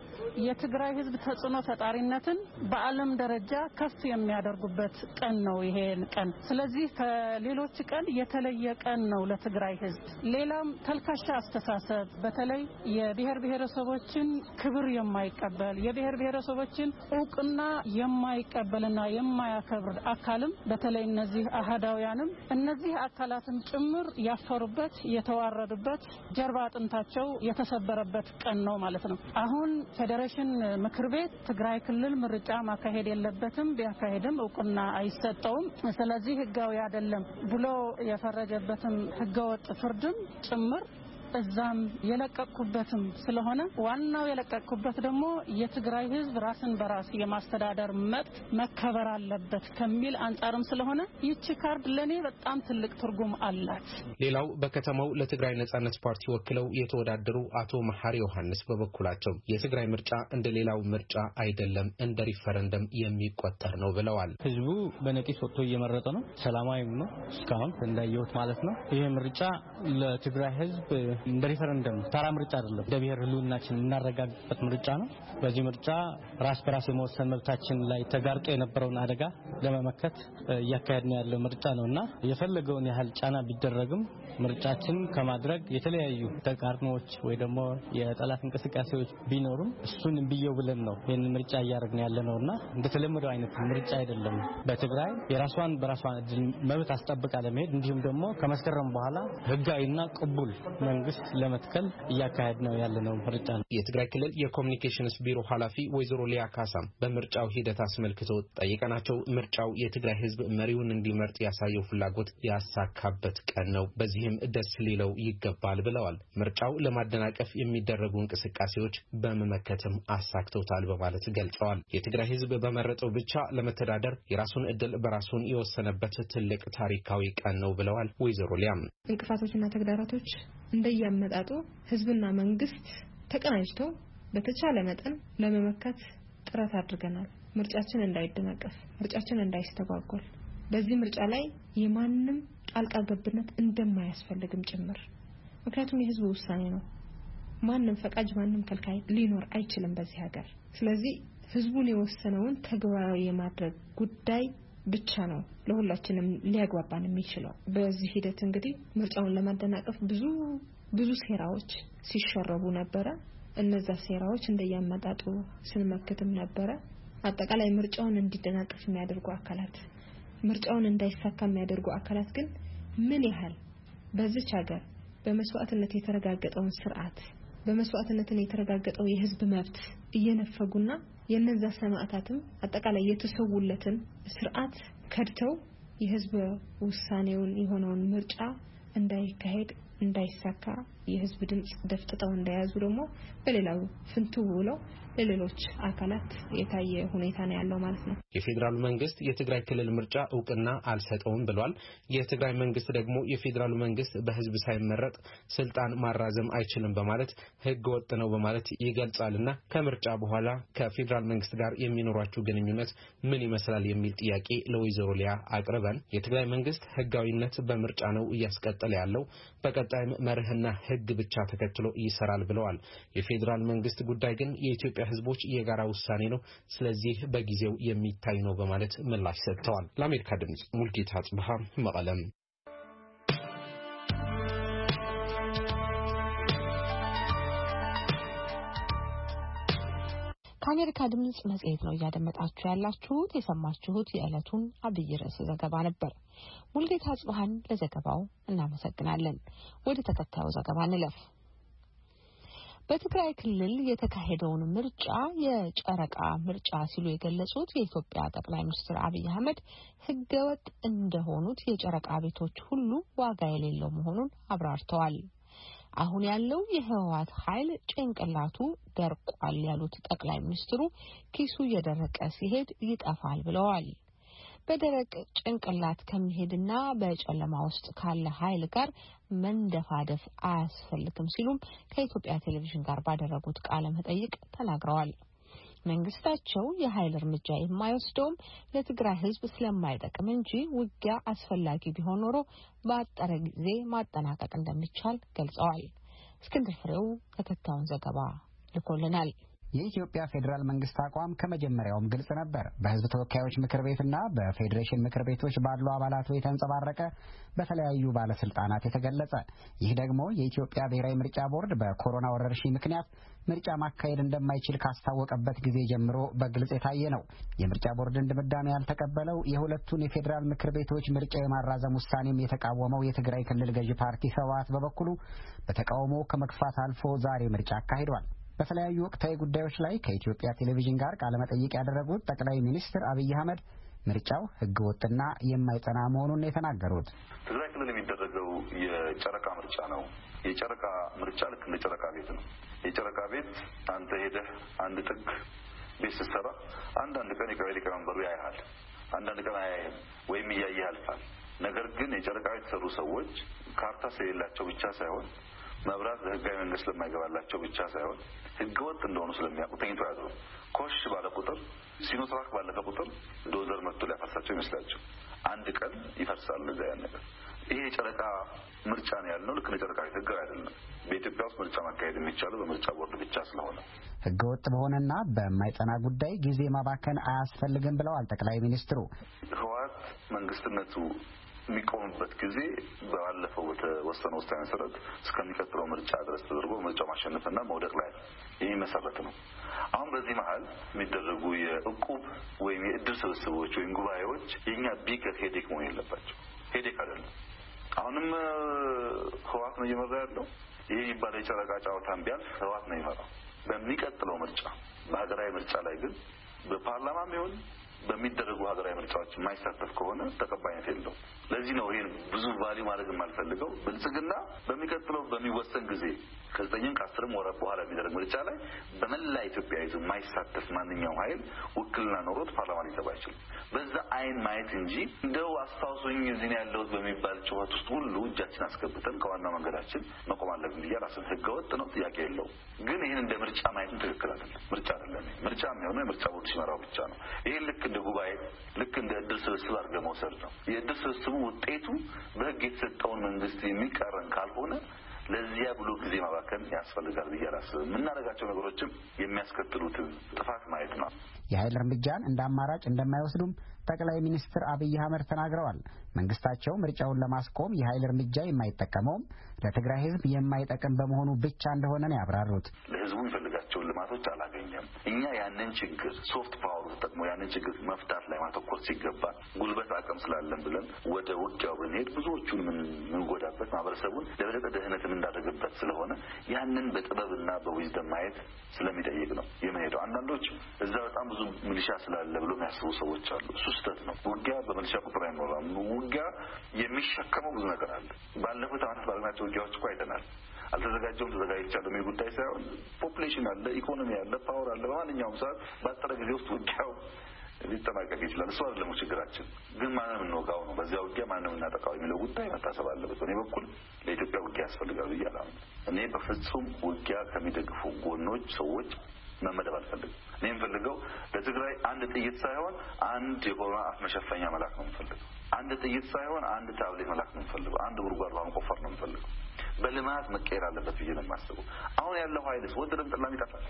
የትግራይ የትግራይ ህዝብ ተጽዕኖ ፈጣሪነትን በዓለም ደረጃ ከፍ የሚያደርጉበት ቀን ነው ይሄን ቀን። ስለዚህ ከሌሎች ቀን የተለየ ቀን ነው ለትግራይ ህዝብ ሌላም ተልካሻ አስተሳሰብ በተለይ የብሔር ብሔረሰቦችን ክብር የማይቀበል የብሔር ብሔረሰቦችን እውቅና የማይቀበልና የማያከብር አካልም በተለይ እነዚህ አህዳውያንም እነዚህ አካላትም ጭምር ያፈሩበት የተዋረዱበት ጀርባ አጥንታቸው የተሰበረበት ቀን ነው ማለት ነው። አሁን ፌዴሬሽን ምክር ቤት ትግራይ ክልል ምርጫ ማካሄድ የለበትም፣ ቢያካሄድም እውቅና አይሰጠውም፣ ስለዚህ ህጋዊ አይደለም ብሎ የፈረጀበትም ህገወጥ ፍርድም ጭምር እዛም የለቀቅኩበትም ስለሆነ ዋናው የለቀቅኩበት ደግሞ የትግራይ ህዝብ ራስን በራስ የማስተዳደር መብት መከበር አለበት ከሚል አንጻርም ስለሆነ ይቺ ካርድ ለእኔ በጣም ትልቅ ትርጉም አላት። ሌላው በከተማው ለትግራይ ነጻነት ፓርቲ ወክለው የተወዳደሩ አቶ መሐሪ ዮሐንስ በበኩላቸው የትግራይ ምርጫ እንደ ሌላው ምርጫ አይደለም፣ እንደ ሪፈረንደም የሚቆጠር ነው ብለዋል። ህዝቡ በነቂስ ወጥቶ እየመረጠ ነው። ሰላማዊም ነው እስካሁን እንዳየሁት ማለት ነው። ይህ ምርጫ ለትግራይ ህዝብ እንደ ሪፈረንደም ተራ ምርጫ አይደለም። እንደ ብሔር ህልውናችን የምናረጋግጥበት ምርጫ ነው። በዚህ ምርጫ ራስ በራስ የመወሰን መብታችን ላይ ተጋርጦ የነበረውን አደጋ ለመመከት እያካሄድ ነው ያለው ምርጫ ነው እና የፈለገውን ያህል ጫና ቢደረግም ምርጫችን ከማድረግ የተለያዩ ተቃርኖዎች ወይ ደግሞ የጠላት እንቅስቃሴዎች ቢኖሩም እሱን ብየው ብለን ነው ይህን ምርጫ እያደረግን ያለ ነው እና እንደተለመደው አይነት ምርጫ አይደለም። በትግራይ የራሷን በራሷን መብት አስጠብቃ ለመሄድ እንዲሁም ደግሞ ከመስከረም በኋላ ህጋዊና ቅቡል መንግስት መንግስት ለመትከል እያካሄድ ነው ያለነው ምርጫ ነው። የትግራይ ክልል የኮሚኒኬሽንስ ቢሮ ኃላፊ ወይዘሮ ሊያ ካሳም በምርጫው ሂደት አስመልክቶ ጠይቀናቸው ምርጫው የትግራይ ህዝብ መሪውን እንዲመርጥ ያሳየው ፍላጎት ያሳካበት ቀን ነው፣ በዚህም ደስ ሊለው ይገባል ብለዋል። ምርጫው ለማደናቀፍ የሚደረጉ እንቅስቃሴዎች በመመከትም አሳክቶታል በማለት ገልጸዋል። የትግራይ ህዝብ በመረጠው ብቻ ለመተዳደር የራሱን እድል በራሱን የወሰነበት ትልቅ ታሪካዊ ቀን ነው ብለዋል ወይዘሮ ሊያም እንቅፋቶችና ተግዳሮቶች እንደያመጣጡ ህዝብና መንግስት ተቀናጅተው በተቻለ መጠን ለመመከት ጥረት አድርገናል። ምርጫችን እንዳይደናቀፍ፣ ምርጫችን እንዳይስተጓጎል፣ በዚህ ምርጫ ላይ የማንም ጣልቃ ገብነት እንደማያስፈልግም ጭምር ምክንያቱም የህዝቡ ውሳኔ ነው። ማንም ፈቃጅ፣ ማንም ከልካይ ሊኖር አይችልም በዚህ ሀገር። ስለዚህ ህዝቡን የወሰነውን ተግባራዊ የማድረግ ጉዳይ ብቻ ነው ለሁላችንም ሊያግባባን የሚችለው። በዚህ ሂደት እንግዲህ ምርጫውን ለማደናቀፍ ብዙ ብዙ ሴራዎች ሲሸረቡ ነበረ። እነዛ ሴራዎች እንደያመጣጡ ስንመክትም ነበረ። አጠቃላይ ምርጫውን እንዲደናቀፍ የሚያደርጉ አካላት፣ ምርጫውን እንዳይሳካ የሚያደርጉ አካላት ግን ምን ያህል በዚች ሀገር በመስዋዕትነት የተረጋገጠውን ስርዓት በመስዋዕትነትን የተረጋገጠው የህዝብ መብት እየነፈጉና የነዛ ሰማዕታትም አጠቃላይ የተሰውለትን ስርዓት ከድተው የህዝብ ውሳኔውን የሆነውን ምርጫ እንዳይካሄድ እንዳይሳካ የህዝብ ድምፅ ደፍጥጠው እንደያዙ ደግሞ በሌላው ፍንቱ ብለው ለሌሎች አካላት የታየ ሁኔታ ነው ያለው ማለት ነው። የፌዴራሉ መንግስት የትግራይ ክልል ምርጫ እውቅና አልሰጠውም ብሏል። የትግራይ መንግስት ደግሞ የፌዴራሉ መንግስት በህዝብ ሳይመረጥ ስልጣን ማራዘም አይችልም በማለት ህገ ወጥ ነው በማለት ይገልጻልና ከምርጫ በኋላ ከፌዴራል መንግስት ጋር የሚኖሯቸው ግንኙነት ምን ይመስላል የሚል ጥያቄ ለወይዘሮ ሊያ አቅርበን የትግራይ መንግስት ህጋዊነት በምርጫ ነው እያስቀጠለ ያለው በቀጣይም መርህና ህግ ሕግ ብቻ ተከትሎ ይሰራል ብለዋል። የፌዴራል መንግስት ጉዳይ ግን የኢትዮጵያ ህዝቦች የጋራ ውሳኔ ነው፣ ስለዚህ በጊዜው የሚታይ ነው በማለት ምላሽ ሰጥተዋል። ለአሜሪካ ድምጽ ሙልጌታ ጽብሃ መቀለም ከአሜሪካ ድምጽ መጽሔት ነው እያደመጣችሁ ያላችሁት። የሰማችሁት የዕለቱን አብይ ርዕስ ዘገባ ነበር። ሙልጌታ ጽብሃን ለዘገባው እናመሰግናለን። ወደ ተከታዩ ዘገባ እንለፍ። በትግራይ ክልል የተካሄደውን ምርጫ የጨረቃ ምርጫ ሲሉ የገለጹት የኢትዮጵያ ጠቅላይ ሚኒስትር አብይ አህመድ ህገወጥ እንደሆኑት የጨረቃ ቤቶች ሁሉ ዋጋ የሌለው መሆኑን አብራርተዋል። አሁን ያለው የህወሀት ኃይል ጭንቅላቱ ደርቋል ያሉት ጠቅላይ ሚኒስትሩ ኪሱ እየደረቀ ሲሄድ ይጠፋል ብለዋል። በደረቅ ጭንቅላት ከሚሄድና በጨለማ ውስጥ ካለ ኃይል ጋር መንደፋደፍ አያስፈልግም ሲሉም ከኢትዮጵያ ቴሌቪዥን ጋር ባደረጉት ቃለ መጠይቅ ተናግረዋል። መንግስታቸው የኃይል እርምጃ የማይወስደውም ለትግራይ ህዝብ ስለማይጠቅም እንጂ ውጊያ አስፈላጊ ቢሆን ኖሮ በአጠረ ጊዜ ማጠናቀቅ እንደሚቻል ገልጸዋል። እስክንድር ፍሬው ተከታዩን ዘገባ ልኮልናል። የኢትዮጵያ ፌዴራል መንግስት አቋም ከመጀመሪያውም ግልጽ ነበር። በህዝብ ተወካዮች ምክር ቤትና በፌዴሬሽን ምክር ቤቶች ባሉ አባላቱ የተንጸባረቀ፣ በተለያዩ ባለስልጣናት የተገለጸ። ይህ ደግሞ የኢትዮጵያ ብሔራዊ ምርጫ ቦርድ በኮሮና ወረርሽኝ ምክንያት ምርጫ ማካሄድ እንደማይችል ካስታወቀበት ጊዜ ጀምሮ በግልጽ የታየ ነው። የምርጫ ቦርድን ድምዳሜ ያልተቀበለው የሁለቱን የፌዴራል ምክር ቤቶች ምርጫ የማራዘም ውሳኔም የተቃወመው የትግራይ ክልል ገዢ ፓርቲ ህወሓት በበኩሉ በተቃውሞ ከመግፋት አልፎ ዛሬ ምርጫ አካሂዷል። በተለያዩ ወቅታዊ ጉዳዮች ላይ ከኢትዮጵያ ቴሌቪዥን ጋር ቃለመጠይቅ ያደረጉት ጠቅላይ ሚኒስትር አብይ አህመድ ምርጫው ህገወጥና የማይጸና መሆኑን የተናገሩት ትግራይ ክልል የሚደረገው የጨረቃ ምርጫ ነው። የጨረቃ ምርጫ ልክ እንደ ጨረቃ ቤት ነው። የጨረቃ ቤት አንተ ሄደህ አንድ ጥግ ቤት ስትሰራ አንዳንድ ቀን የቀበሌ ሊቀመንበሩ ያያሃል፣ አንዳንድ ቀን አያይህም ወይም እያየህ ያልፋል። ነገር ግን የጨረቃ ቤት የተሰሩ ሰዎች ካርታ ስለሌላቸው ብቻ ሳይሆን መብራት ለህጋዊ መንግስት ስለማይገባላቸው ብቻ ሳይሆን ህገወጥ እንደሆኑ ስለሚያውቁ ተኝቶ ያዙ። ኮሽ ባለ ቁጥር ሲኖትራክ ባለፈ ቁጥር ዶዘር መጥቶ ሊያፈርሳቸው ይመስላቸው። አንድ ቀን ይፈርሳል እዛ ያን ነገር። ይሄ የጨረቃ ምርጫ ነው ያልነው ልክ ለጨረቃ ህግር አይደለም። በኢትዮጵያ ውስጥ ምርጫ ማካሄድ የሚቻለው በምርጫ ቦርድ ብቻ ስለሆነ ህገወጥ በሆነና በማይጠና ጉዳይ ጊዜ ማባከን አያስፈልግም ብለዋል ጠቅላይ ሚኒስትሩ። ህወሓት መንግስትነቱ የሚቆምበት ጊዜ ባለፈው በተወሰነ ውሳኔ መሰረት እስከሚቀጥለው ምርጫ ድረስ ተደርጎ ምርጫው ማሸነፍና መውደቅ ላይ የሚመሰረት ነው። አሁን በዚህ መሀል የሚደረጉ የእቁብ ወይም የእድር ስብስቦች ወይም ጉባኤዎች የእኛ ቢገት ሄዴክ መሆን የለባቸው። ሄዴክ አይደለም። አሁንም ህዋት ነው እየመራ ያለው። ይህ የሚባለው የጨረቃ ጫወታን ቢያልፍ ህዋት ነው ይመራው። በሚቀጥለው ምርጫ በሀገራዊ ምርጫ ላይ ግን በፓርላማም ይሁን በሚደረጉ ሀገራዊ ምርጫዎች የማይሳተፍ ከሆነ ተቀባይነት የለው ለዚህ ነው ይህን ብዙ ቫሊዩ ማድረግ የማልፈልገው። ብልጽግና በሚቀጥለው በሚወሰን ጊዜ ከዘጠኝም ከአስርም ወረ በኋላ የሚደረግ ምርጫ ላይ በመላ ኢትዮጵያ ይዞ የማይሳተፍ ማንኛውም ኃይል ውክልና ኖሮት ፓርላማ ሊገባ አይችልም። በዛ አይን ማየት እንጂ እንደው አስታውሱኝ እዚህ ያለሁት በሚባል ጩኸት ውስጥ ሁሉ እጃችን አስገብተን ከዋና መንገዳችን መቆም አለብን ብዬ ራስን ህገወጥ ነው ጥያቄ የለው። ግን ይህን እንደ ምርጫ ማየትም ትክክል አይደለም። ምርጫ አይደለም። ምርጫ የሚሆነው የምርጫ ቦርድ ሲመራው ብቻ ነው። ይህን ልክ እንደ ጉባኤ ልክ እንደ እድል ስብስብ አድርገህ መውሰድ ነው። የእድል ስብስቡ ውጤቱ በህግ የተሰጠውን መንግስት የሚቃረን ካልሆነ ለዚያ ብሎ ጊዜ ማባከን ያስፈልጋል ብዬ አላስብም። የምናደርጋቸው ነገሮችም የሚያስከትሉትን ጥፋት ማየት ነው። የኃይል እርምጃን እንደ አማራጭ እንደማይወስዱም ጠቅላይ ሚኒስትር አብይ አህመድ ተናግረዋል። መንግስታቸው ምርጫውን ለማስቆም የኃይል እርምጃ የማይጠቀመውም ለትግራይ ህዝብ የማይጠቅም በመሆኑ ብቻ እንደሆነ ነው ያብራሩት። ለህዝቡ የሚፈልጋቸውን ልማቶች አላገኘም። እኛ ያንን ችግር ሶፍት ፓወር ተጠቅሞ ያንን ችግር መፍታት ላይ ማተኮር ሲገባ ጉልበት አቅም ስላለን ብለን ወደ ውጊያው ብንሄድ ብዙዎቹን የምንጎዳበት ማህበረሰቡን ለበለጠ ድህነት የምናደርግበት ስለሆነ ያንን በጥበብና በዊዝደም ማየት ስለሚጠይቅ ነው የመሄደው። አንዳንዶች እዛ በጣም ብዙ ሚሊሻ ስላለ ብሎ የሚያስቡ ሰዎች አሉ። እሱ ስህተት ነው። ውጊያ በሚሊሻ ቁጥር አይኖራም። ውጊያ የሚሸከመው ብዙ ነገር አለ። ባለፉት አመታት ባለናቸው ውጊያዎች እኮ አይተናል። አልተዘጋጀውም ተዘጋጅቻለሁ የሚል ጉዳይ ሳይሆን ፖፑሌሽን አለ፣ ኢኮኖሚ አለ፣ ፓወር አለ። በማንኛውም ሰዓት በአጠረ ጊዜ ውስጥ ውጊያው ሊጠናቀቅ ይችላል። እሱ አይደለም ችግራችን። ግን ማንም እንወጋው ነው፣ በዚያ ውጊያ ማንም እናጠቃው የሚለው ጉዳይ መታሰብ አለበት። በእኔ በኩል ለኢትዮጵያ ውጊያ ያስፈልጋሉ እያለ እኔ በፍጹም ውጊያ ከሚደግፉ ጎኖች ሰዎች መመደብ አልፈልግም። እኔ የምፈልገው ለትግራይ አንድ ጥይት ሳይሆን አንድ የኮሮና አፍ መሸፈኛ መላክ ነው የምፈልገው። አንድ ጥይት ሳይሆን አንድ ታብሌት መላክ ነው የምፈልገው። አንድ ጉድጓድ ማቆፈር ነው የምፈልገው። በልማት መቀየር አለበት ብዬ ነው የማስበው። አሁን ያለው ኃይልስ ወደድም ጠላም ይጠፋል።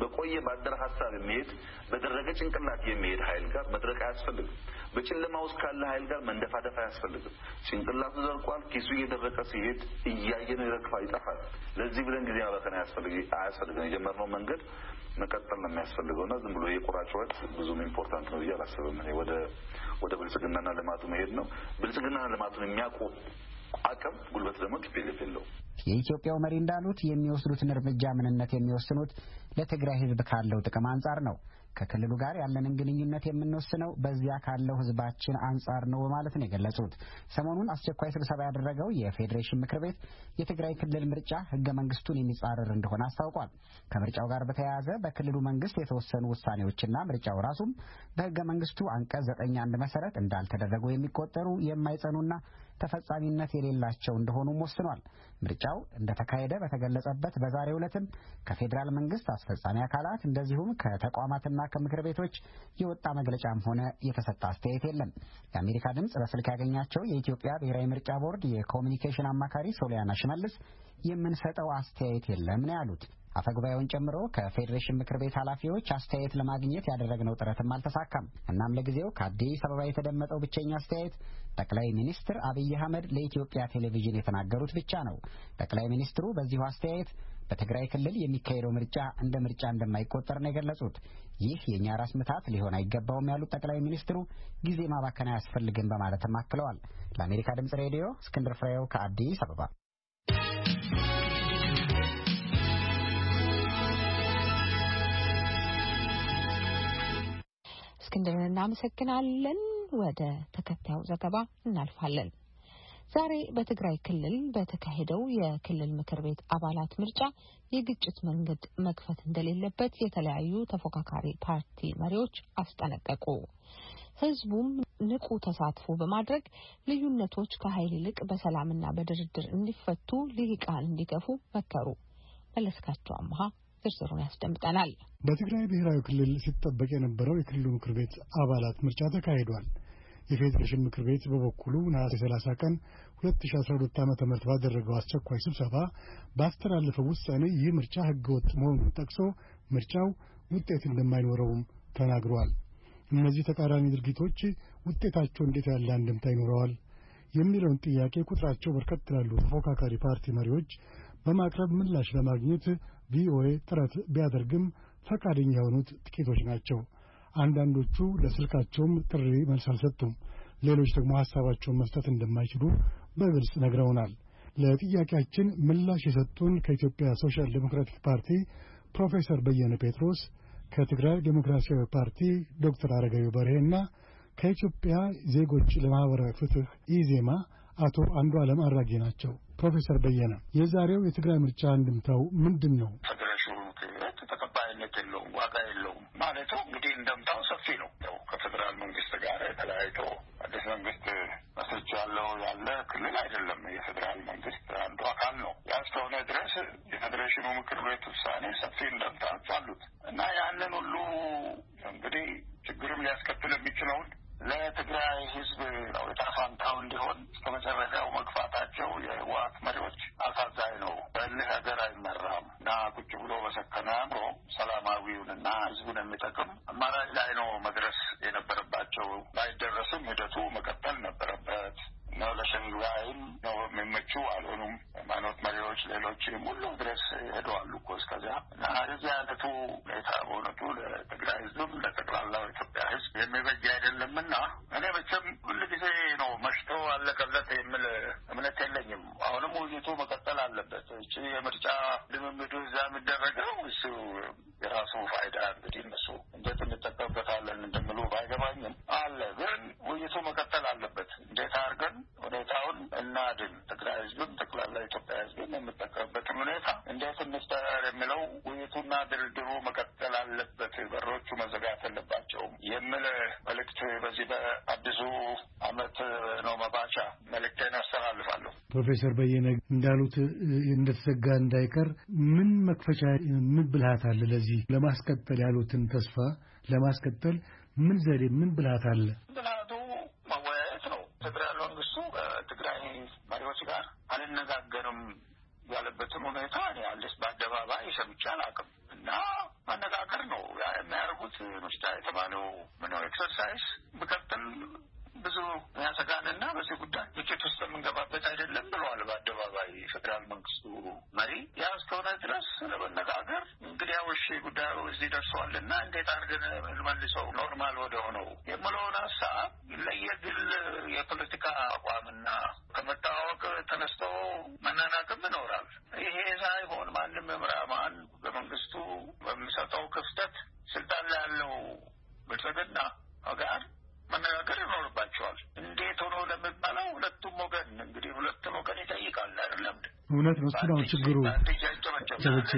በቆየ ባደረ ሀሳብ የሚሄድ በደረገ ጭንቅላት የሚሄድ ኃይል ጋር መድረቅ አያስፈልግም። በጨለማ ውስጥ ካለ ኃይል ጋር መንደፋደፍ አያስፈልግም። ጭንቅላቱ ደርቋል፣ ኪሱ እየደረቀ ሲሄድ እያየ ነው ይረግፋል፣ ይጠፋል። ለዚህ ብለን ጊዜ ማባከን አያስፈልግም። የጀመርነው መንገድ መቀጠል ነው እና ዝም ብሎ የቁራ ወጥ ብዙም ኢምፖርታንት ነው ብዬ አላስብም። እኔ ወደ ወደ ብልጽግናና ልማቱ መሄድ ነው። ብልጽግናና ልማቱን የሚያውቁ አቅም፣ ጉልበት ደግሞ ቲፒኤልኤፍ የለውም። የኢትዮጵያው መሪ እንዳሉት የሚወስዱትን እርምጃ ምንነት የሚወስኑት ለትግራይ ሕዝብ ካለው ጥቅም አንጻር ነው። ከክልሉ ጋር ያለንን ግንኙነት የምንወስነው በዚያ ካለው ህዝባችን አንጻር ነው በማለት ነው የገለጹት። ሰሞኑን አስቸኳይ ስብሰባ ያደረገው የፌዴሬሽን ምክር ቤት የትግራይ ክልል ምርጫ ህገ መንግስቱን የሚጻረር እንደሆነ አስታውቋል። ከምርጫው ጋር በተያያዘ በክልሉ መንግስት የተወሰኑ ውሳኔዎችና ምርጫው ራሱም በህገ መንግስቱ አንቀጽ ዘጠኝ አንድ መሰረት እንዳልተደረጉ የሚቆጠሩ የማይጸኑና ተፈጻሚነት የሌላቸው እንደሆኑም ወስኗል። ምርጫው እንደተካሄደ በተገለጸበት በዛሬ ዕለትም ከፌዴራል መንግስት አስፈጻሚ አካላት እንደዚሁም ከተቋማትና ከምክር ቤቶች የወጣ መግለጫም ሆነ የተሰጠ አስተያየት የለም። የአሜሪካ ድምፅ በስልክ ያገኛቸው የኢትዮጵያ ብሔራዊ ምርጫ ቦርድ የኮሚኒኬሽን አማካሪ ሶሊያና ሽመልስ የምንሰጠው አስተያየት የለም ነው ያሉት። አፈጉባኤውን ጨምሮ ከፌዴሬሽን ምክር ቤት ኃላፊዎች አስተያየት ለማግኘት ያደረግነው ጥረትም አልተሳካም። እናም ለጊዜው ከአዲስ አበባ የተደመጠው ብቸኛ አስተያየት ጠቅላይ ሚኒስትር አብይ አህመድ ለኢትዮጵያ ቴሌቪዥን የተናገሩት ብቻ ነው። ጠቅላይ ሚኒስትሩ በዚሁ አስተያየት በትግራይ ክልል የሚካሄደው ምርጫ እንደ ምርጫ እንደማይቆጠር ነው የገለጹት። ይህ የእኛ ራስ ምታት ሊሆን አይገባውም ያሉት ጠቅላይ ሚኒስትሩ ጊዜ ማባከን አያስፈልግም በማለትም አክለዋል። ለአሜሪካ ድምጽ ሬዲዮ እስክንድር ፍሬው ከአዲስ አበባ። እስክንድርን እናመሰግናለን። ወደ ተከታዩ ዘገባ እናልፋለን። ዛሬ በትግራይ ክልል በተካሄደው የክልል ምክር ቤት አባላት ምርጫ የግጭት መንገድ መክፈት እንደሌለበት የተለያዩ ተፎካካሪ ፓርቲ መሪዎች አስጠነቀቁ። ህዝቡም ንቁ ተሳትፎ በማድረግ ልዩነቶች ከኃይል ይልቅ በሰላምና በድርድር እንዲፈቱ ልሂቃን እንዲገፉ መከሩ። መለስካቸው አምሃ ዝርዝሩን ያስደምጠናል። በትግራይ ብሔራዊ ክልል ሲጠበቅ የነበረው የክልሉ ምክር ቤት አባላት ምርጫ ተካሂዷል። የፌዴሬሽን ምክር ቤት በበኩሉ ነሐሴ 30 ቀን 2012 ዓ ም ባደረገው አስቸኳይ ስብሰባ ባስተላለፈው ውሳኔ ይህ ምርጫ ህገወጥ መሆኑን ጠቅሶ ምርጫው ውጤት እንደማይኖረውም ተናግሯል። እነዚህ ተቃራኒ ድርጊቶች ውጤታቸው እንዴት ያለ አንድምታ ይኖረዋል የሚለውን ጥያቄ ቁጥራቸው በርከት ላሉ ተፎካካሪ ፓርቲ መሪዎች በማቅረብ ምላሽ ለማግኘት ቪኦኤ ጥረት ቢያደርግም ፈቃደኛ የሆኑት ጥቂቶች ናቸው። አንዳንዶቹ ለስልካቸውም ጥሪ መልስ አልሰጡም። ሌሎች ደግሞ ሀሳባቸውን መስጠት እንደማይችሉ በግልጽ ነግረውናል። ለጥያቄያችን ምላሽ የሰጡን ከኢትዮጵያ ሶሻል ዴሞክራቲክ ፓርቲ ፕሮፌሰር በየነ ጴጥሮስ፣ ከትግራይ ዴሞክራሲያዊ ፓርቲ ዶክተር አረጋዊ በርሄና ከኢትዮጵያ ዜጎች ለማኅበራዊ ፍትሕ ኢዜማ አቶ አንዱ ዓለም አራጌ ናቸው። ፕሮፌሰር በየነ የዛሬው የትግራይ ምርጫ አንድምታው ምንድን ነው? ተቀባይነት የለውም፣ ዋጋ የለውም ማለቱ እንግዲህ እንደምታው ሰፊ ነው። ያው ከፌዴራል መንግስት ጋር ተለያይቶ አዲስ መንግስት ያለው ያለ ክልል አይደለም። የፌዴራል መንግስት አንዱ አካል ነው። ያ እስከሆነ ድረስ የፌዴሬሽኑ ምክር ቤት ውሳኔ ሰፊ እንደምታዎች አሉት እና ያንን ሁሉ እንግዲህ ችግርም ሊያስከትል የሚችለውን ለትግራይ ህዝብ ነው ዕጣ እንዲሆን እስከመጨረሻው መግፋታቸው የህወሓት መሪዎች አሳዛኝ ነው። በእልህ ሀገር አይመራም እና ቁጭ ብሎ በሰከነ አእምሮ አካባቢውንና ህዝቡን የሚጠቅም አማራጭ ላይ ነው መድረስ የነበረባቸው። ባይደረስም ሂደቱ መቀጠል ነበረበት ነው። ለሸንግባይም ነው የሚመቹ አልሆኑም። ሃይማኖት መሪዎች፣ ሌሎችም ሁሉ ድረስ ሄደዋሉ እኮ እስከዚያ እና እዚህ አይነቱ ሁኔታ በእውነቱ ለትግራይ ህዝብም ለጠቅላላው ኢትዮጵያ ህዝብ የሚበጅ አይደለምና እኔ መቼም ደግሞ መቀጠል አለበት። እ የምርጫ ልምምዱ እዛ የሚደረገው እሱ የራሱ ፋይዳ እንግዲህ ፕሮፌሰር በየነ እንዳሉት እንደተዘጋ እንዳይቀር ምን መክፈቻ ምን ብልሃት አለ? ለዚህ ለማስቀጠል ያሉትን ተስፋ ለማስቀጠል ምን ዘዴ ምን ብልሃት አለ? ብልሃቱ መወያየት ነው። ፌዴራል መንግስቱ ከትግራይ መሪዎች ጋር አልነጋገርም ያለበትን ሁኔታ እኔ አለስ በአደባባይ ሰምቼ አላውቅም እና መነጋገር ነው የሚያደርጉት ምስዳ የተባለው ምነው ኤክሰርሳይዝ ብቀጥል ብዙ ያሰጋንና በዚህ ጉዳይ ግጭት ውስጥ የምንገባበት አይደለም ብለዋል በአደባባይ ፌዴራል መንግስቱ መሪ። ያ እስከሆነ ድረስ ለመነጋገር እንግዲህ አወሽ ጉዳዩ እዚህ ደርሰዋልና እንዴት አድርገን መልሰው ኖርማል ወደ ሆነው የምለውን ሀሳብ ለየግል የፖለቲካ አቋምና ከመታወቅ ተነስተው መናናቅም ይኖራል። ይሄ ሳይሆን ማንም ምራማን እውነት ነው። እሱ ነው ችግሩ ሰዎች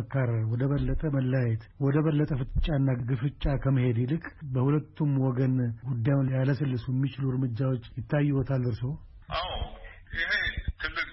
መካረር፣ ወደ በለጠ መለያየት፣ ወደ በለጠ ፍጥጫና ግፍጫ ከመሄድ ይልቅ በሁለቱም ወገን ጉዳዩን ሊያለስልሱ የሚችሉ እርምጃዎች ይታይዎታል እርስዎ? አዎ ይሄ ትልቅ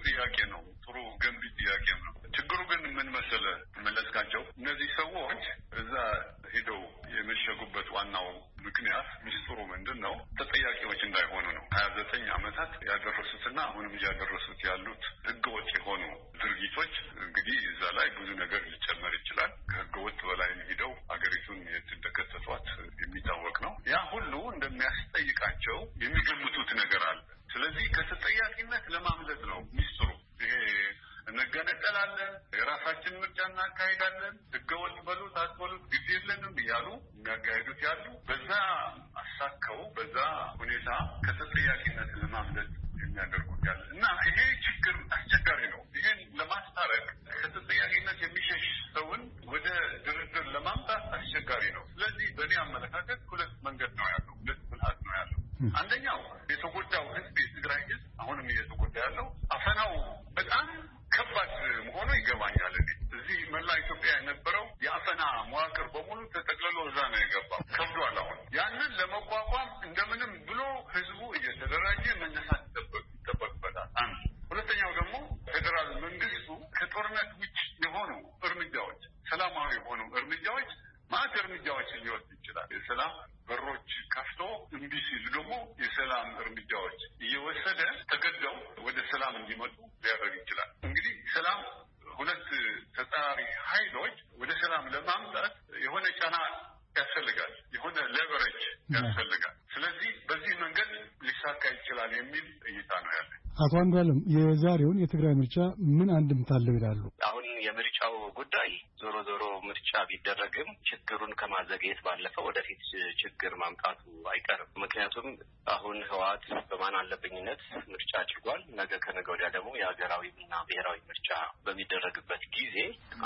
አቶ አንዷለም የዛሬውን የትግራይ ምርጫ ምን አንድምታ አለው ይላሉ? አሁን የምርጫው ጉዳይ ዞሮ ዞሮ ምርጫ ቢደረግም ችግሩን ከማዘግየት ባለ ወደፊት ችግር ማምጣቱ አይቀርም። ምክንያቱም አሁን ህወሓት በማን አለብኝነት ምርጫ አድርጓል። ነገ ከነገ ወዲያ ደግሞ የሀገራዊ እና ብሔራዊ ምርጫ በሚደረግበት ጊዜ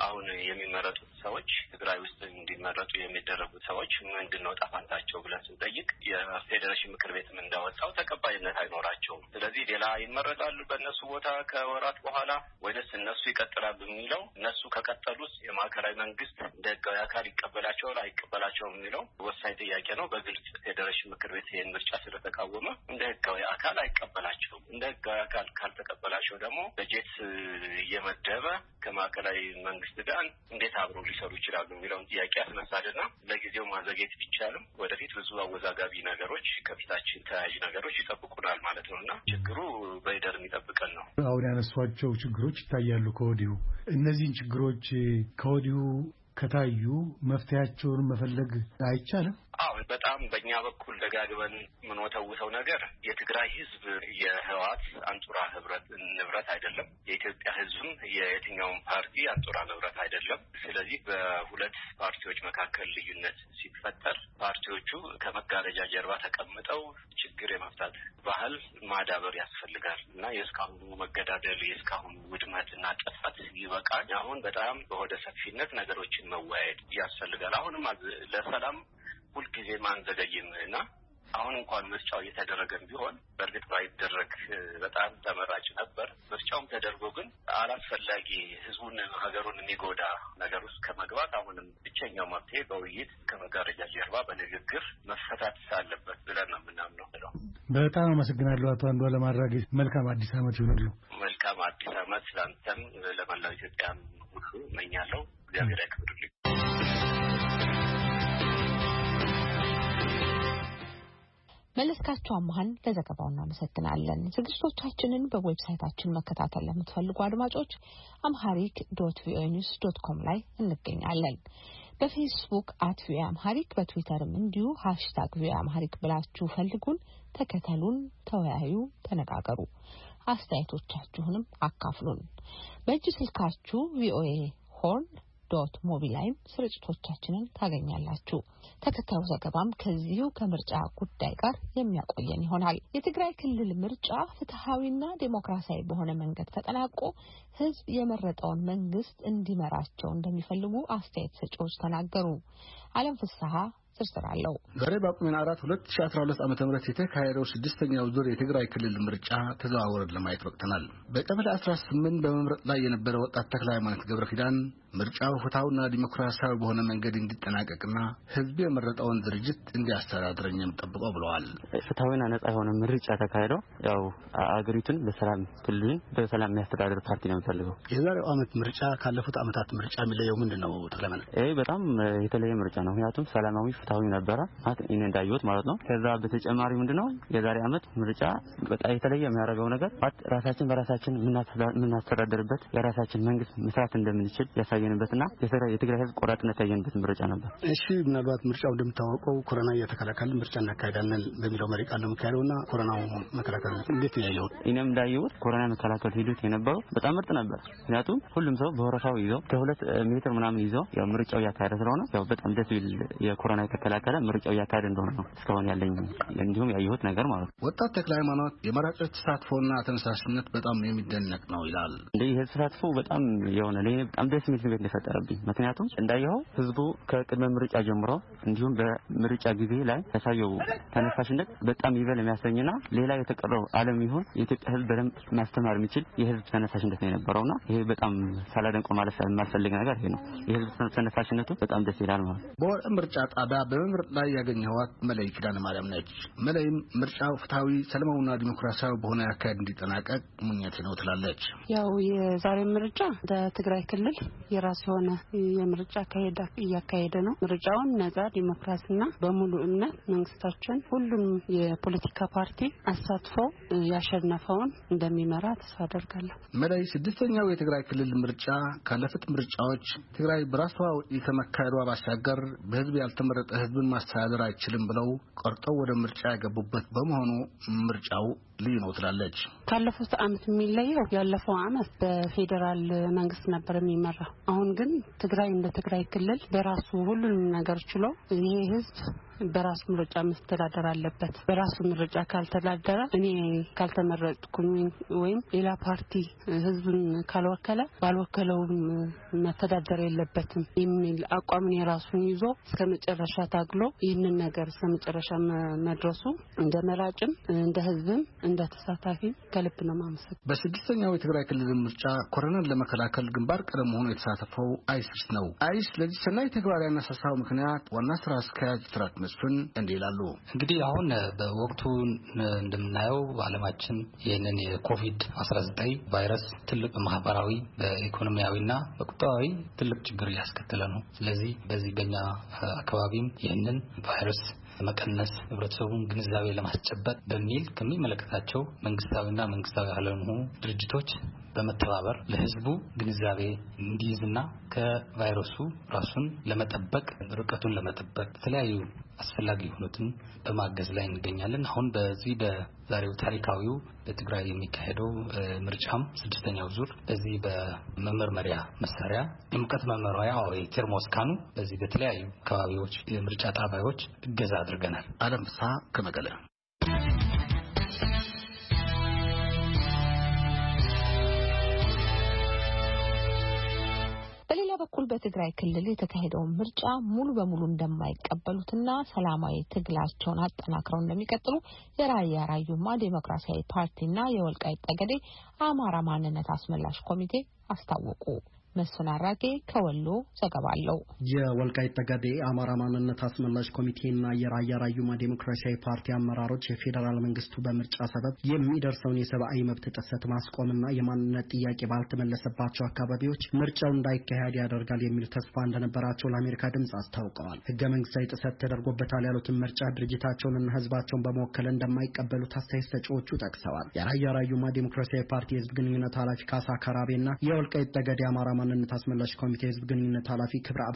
አሁን የሚመረጡት ሰዎች ትግራይ ውስጥ እንዲመረጡ የሚደረጉት ሰዎች ምንድን ነው ጣፋንታቸው ብለን ስንጠይቅ የፌዴሬሽን ምክር ቤትም እንዳወጣው ተቀባይነት አይኖራቸውም። ስለዚህ ሌላ ይመረጣሉ በእነሱ ቦታ ከወራት በኋላ ወይስ እነሱ ይቀጥላሉ የሚለው እነሱ ከቀጠሉት የማዕከላዊ መንግስት እንደ ህጋዊ አካል ይቀበላቸዋል አይቀበላቸውም የሚለው ወሳኝ ጥያቄ ነው። በግልጽ ፌዴሬሽን ምክር ቤት ይህን ምርጫ ስለተቃወመ እንደ ህጋዊ አካል አይቀበላቸውም። እንደ ህጋዊ አካል ካልተቀበላቸው ደግሞ በጀት እየመደበ ከማዕከላዊ መንግስት ጋር እንዴት አብረው ሊሰሩ ይችላሉ የሚለውን ጥያቄ ያስነሳልና ለጊዜው ማዘግየት ቢቻልም ወደፊት ብዙ አወዛጋቢ ነገሮች ከፊታችን ተያያዥ ነገሮች ይጠብቁናል ማለት ነው እና ችግሩ በይደር የሚጠብቀን ነው። አሁን ያነሷቸው ችግሮች ይታያሉ ከወዲሁ እነዚህን ችግሮች ከወዲሁ ከታዩ መፍትሄያቸውን መፈለግ አይቻልም? አዎ በጣም በእኛ በኩል ደጋግበን የምንወተውተው ነገር የትግራይ ህዝብ የህወሓት አንጡራ ህብረት ንብረት አይደለም። የኢትዮጵያ ህዝብም የየትኛውም ፓርቲ አንጡራ ንብረት አይደለም። ስለዚህ በሁለት ፓርቲዎች መካከል ልዩነት ሲፈጠር ፓርቲዎቹ ከመጋረጃ ጀርባ ተቀምጠው ችግር የመፍታት ባህል ማዳበር ያስፈልጋል እና የእስካሁኑ መገዳደል የእስካሁኑ እና ጥፋት ይበቃል። አሁን በጣም በሆደ ሰፊነት ነገሮችን መወያየት ያስፈልጋል። አሁንም ለሰላም ሁልጊዜ አንዘገይም እና አሁን እንኳን ምርጫው እየተደረገም ቢሆን በእርግጥ ባይደረግ በጣም ተመራጭ ነበር። ምርጫውም ተደርጎ ግን አላስፈላጊ ህዝቡን ሀገሩን የሚጎዳ ነገር ውስጥ ከመግባት አሁንም ብቸኛው መፍትሄ በውይይት ከመጋረጃ ጀርባ በንግግር መፈታት አለበት ብለን ነው የምናምነው። ብለው በጣም አመሰግናለሁ አቶ አንዱዓለም አራጌ። መልካም አዲስ አመት ይሆናሉ። መልካም አዲስ አመት ለአንተም ለመላው ኢትዮጵያም ሁሉ እመኛለሁ። እግዚአብሔር ያክብርልኝ። መለስካቸው አመሀን ለዘገባው እናመሰግናለን። ዝግጅቶቻችንን በዌብሳይታችን መከታተል ለምትፈልጉ አድማጮች አምሃሪክ ዶት ቪኦኤ ኒውስ ዶት ኮም ላይ እንገኛለን። በፌስቡክ አት ቪኦኤ አምሃሪክ፣ በትዊተርም እንዲሁ ሀሽታግ ቪኦኤ አምሃሪክ ብላችሁ ፈልጉን፣ ተከተሉን፣ ተወያዩ፣ ተነጋገሩ። አስተያየቶቻችሁንም አካፍሉን። በእጅ ስልካችሁ ቪኦኤ ሆርን ዶት ሞቢ ላይም ስርጭቶቻችንን ታገኛላችሁ። ተከታዩ ዘገባም ከዚሁ ከምርጫ ጉዳይ ጋር የሚያቆየን ይሆናል። የትግራይ ክልል ምርጫ ፍትሐዊና ዴሞክራሲያዊ በሆነ መንገድ ተጠናቆ ህዝብ የመረጠውን መንግስት እንዲመራቸው እንደሚፈልጉ አስተያየት ሰጪዎች ተናገሩ። አለም ፍስሐ ትስስር አለው። ዛሬ በጳጉሜን አራት ሁለት ሺ አስራ ሁለት ዓመተ ምህረት የተካሄደው ስድስተኛው ዙር የትግራይ ክልል ምርጫ ተዘዋውረን ለማየት በቅተናል። በቀበሌ አስራ ስምንት በመምረጥ ላይ የነበረ ወጣት ተክለ ሃይማኖት ገብረ ኪዳን ምርጫው ፍትሐዊና ዲሞክራሲያዊ በሆነ መንገድ እንዲጠናቀቅና ህዝብ የመረጠውን ድርጅት እንዲያስተዳድረኝም ጠብቀው ብለዋል። ፍትሐዊና ነጻ የሆነ ምርጫ ተካሄደው ያው አገሪቱን በሰላም ክልሉን በሰላም የሚያስተዳድር ፓርቲ ነው የሚፈልገው። የዛሬው ዓመት ምርጫ ካለፉት ዓመታት ምርጫ የሚለየው ምንድን ነው? ተለመነ ይህ በጣም የተለየ ምርጫ ነው። ምክንያቱም ሰላማዊ አልተሳሳሁም ነበረ ማለት እኔ እንዳየሁት ማለት ነው። ከዛ በተጨማሪ ምንድነው የዛሬ አመት ምርጫ በቃ የተለየ የሚያደርገው ነገር ራሳችን በራሳችን የምናስተዳደርበት የራሳችን መንግስት መስራት እንደምንችል ያሳየንበትና የትግራይ ህዝብ ቆራጥነት ያየንበት ምርጫ ነበር። እሺ ምናልባት ምርጫው እንደምታወቀው ኮሮና እየተከላከል ምርጫ እናካሄዳለን በሚለው መሪ ቃል ነው የሚካሄደውና ኮሮናው መከላከል እንዴት ያየሁት እኔም እንዳየሁት ኮሮና መከላከል ሂደት የነበረው በጣም ምርጥ ነበር። ምክንያቱም ሁሉም ሰው በወረፋው ይዘው ከሁለት ሜትር ምናምን ይዘው ያው ምርጫው እያካሄደ ስለሆነ ያው በጣም ደስ ይል የኮሮና እየተከላከለ ምርጫው እያካሄደ እንደሆነ ነው እስካሁን ያለኝ እንዲሁም ያየሁት ነገር ማለት ነው። ወጣት ተክለ ሃይማኖት የመራጮች ተሳትፎና ተነሳሽነት በጣም የሚደነቅ ነው ይላል። እንደ ይህ ተሳትፎ በጣም የሆነ ለእኔ በጣም ደስ የሚል ስሜት እንደፈጠረብኝ ምክንያቱም እንዳየኸው ህዝቡ ከቅድመ ምርጫ ጀምሮ እንዲሁም በምርጫ ጊዜ ላይ ያሳየው ተነሳሽነት በጣም ይበል የሚያሰኝና ሌላ የተቀረው ዓለም ይሁን የኢትዮጵያ ህዝብ በደንብ ማስተማር የሚችል የህዝብ ተነሳሽነት ነው የነበረውና ይሄ በጣም ሳላደንቆ ማለት የማልፈልግ ነገር ይሄ ነው። የህዝብ ተነሳሽነቱ በጣም ደስ ይላል ማለት ነው። በወር ምርጫ ጣቢያ በመምረጥ ላይ ያገኘኋት መለይ ኪዳነ ማርያም ነች። መለይም ምርጫው ፍትሐዊ፣ ሰለማዊና ዲሞክራሲያዊ በሆነ አካሄድ እንዲጠናቀቅ ምኞቴ ነው ትላለች። ያው የዛሬ ምርጫ በትግራይ ክልል የራሱ የሆነ የምርጫ አካሄድ እያካሄደ ነው። ምርጫውን ነጻ ዲሞክራሲና በሙሉ እምነት መንግስታችን ሁሉም የፖለቲካ ፓርቲ አሳትፎ ያሸነፈውን እንደሚመራ ተስፋ አደርጋለሁ። መለይ ስድስተኛው የትግራይ ክልል ምርጫ ካለፉት ምርጫዎች ትግራይ በራሷ የተመካሄዷ ባሻገር በህዝብ ያልተመረጠ ህዝብን ማስተዳደር አይችልም ብለው ቆርጠው ወደ ምርጫ የገቡበት በመሆኑ ምርጫው ልዩ ነው ትላለች። ካለፉት አመት የሚለየው ያለፈው አመት በፌዴራል መንግስት ነበር የሚመራው። አሁን ግን ትግራይ እንደ ትግራይ ክልል በራሱ ሁሉንም ነገር ችሎ ይሄ ህዝብ በራሱ ምርጫ መስተዳደር አለበት። በራሱ ምርጫ ካልተዳደረ እኔ ካልተመረጥኩኝ ወይም ሌላ ፓርቲ ህዝብን ካልወከለ ባልወከለውም መተዳደር የለበትም የሚል አቋምን የራሱን ይዞ እስከ መጨረሻ ታግሎ ይህንን ነገር እስከ መጨረሻ መድረሱ እንደ መራጭም እንደ ህዝብም እንደ ተሳታፊ ከልብ ነው ማመሰግ በስድስተኛው የትግራይ ክልል ምርጫ ኮረናን ለመከላከል ግንባር ቀደም ሆኖ የተሳተፈው አይስስ ነው። አይስ ለዚህ ሰናይ ተግባር ያነሳሳው ምክንያት ዋና ስራ አስኪያጅ ትራት መስፍን እንዲህ ይላሉ። እንግዲህ አሁን በወቅቱ እንደምናየው በዓለማችን ይህንን የኮቪድ 19 ቫይረስ ትልቅ ማህበራዊ በኢኮኖሚያዊና በቁጠባዊ ትልቅ ችግር እያስከተለ ነው። ስለዚህ በዚህ በኛ አካባቢም ይህንን ቫይረስ ለመቀነስ ህብረተሰቡን ግንዛቤ ለማስጨበጥ በሚል ከሚመለከታቸው መንግስታዊና መንግስታዊ ያልሆኑ ድርጅቶች በመተባበር ለህዝቡ ግንዛቤ እንዲይዝና ከቫይረሱ ራሱን ለመጠበቅ ርቀቱን ለመጠበቅ የተለያዩ አስፈላጊ የሆኑትን በማገዝ ላይ እንገኛለን። አሁን በዚህ በዛሬው ታሪካዊው በትግራይ የሚካሄደው ምርጫም ስድስተኛው ዙር በዚህ በመመርመሪያ መሳሪያ የሙቀት መመርመሪያ ቴርሞስካኑ በዚህ በተለያዩ አካባቢዎች የምርጫ ጣቢያዎች እገዛ አድርገናል። አለም ፍስሀ ከመቀለ በትግራይ ክልል የተካሄደውን ምርጫ ሙሉ በሙሉ እንደማይቀበሉትና ሰላማዊ ትግላቸውን አጠናክረው እንደሚቀጥሉ የራያ ራዩማ ዴሞክራሲያዊ ፓርቲና የወልቃይት ጠገዴ አማራ ማንነት አስመላሽ ኮሚቴ አስታወቁ። መስፍን አራጌ ከወሎ ዘገባ አለው። የወልቃይት ጠገዴ አማራ ማንነት አስመላሽ ኮሚቴና የራያ ራዩማ ዴሞክራሲያዊ ፓርቲ አመራሮች የፌዴራል መንግስቱ በምርጫ ሰበብ የሚደርሰውን የሰብአዊ መብት ጥሰት ማስቆምና የማንነት ጥያቄ ባልተመለሰባቸው አካባቢዎች ምርጫው እንዳይካሄድ ያደርጋል የሚል ተስፋ እንደነበራቸው ለአሜሪካ ድምጽ አስታውቀዋል። ህገ መንግስታዊ ጥሰት ተደርጎበታል ያሉትን ምርጫ ድርጅታቸውንና ህዝባቸውን በመወከል እንደማይቀበሉት አስተያየት ሰጪዎቹ ጠቅሰዋል። የራያ ራዩማ ዴሞክራሲያዊ ፓርቲ የህዝብ ግንኙነት ኃላፊ ካሳ ካራቤና የወልቃይት ጠገዴ አማራ ማንነት አስመላሽ ኮሚቴ ህዝብ ግንኙነት ኃላፊ ክብረ አብ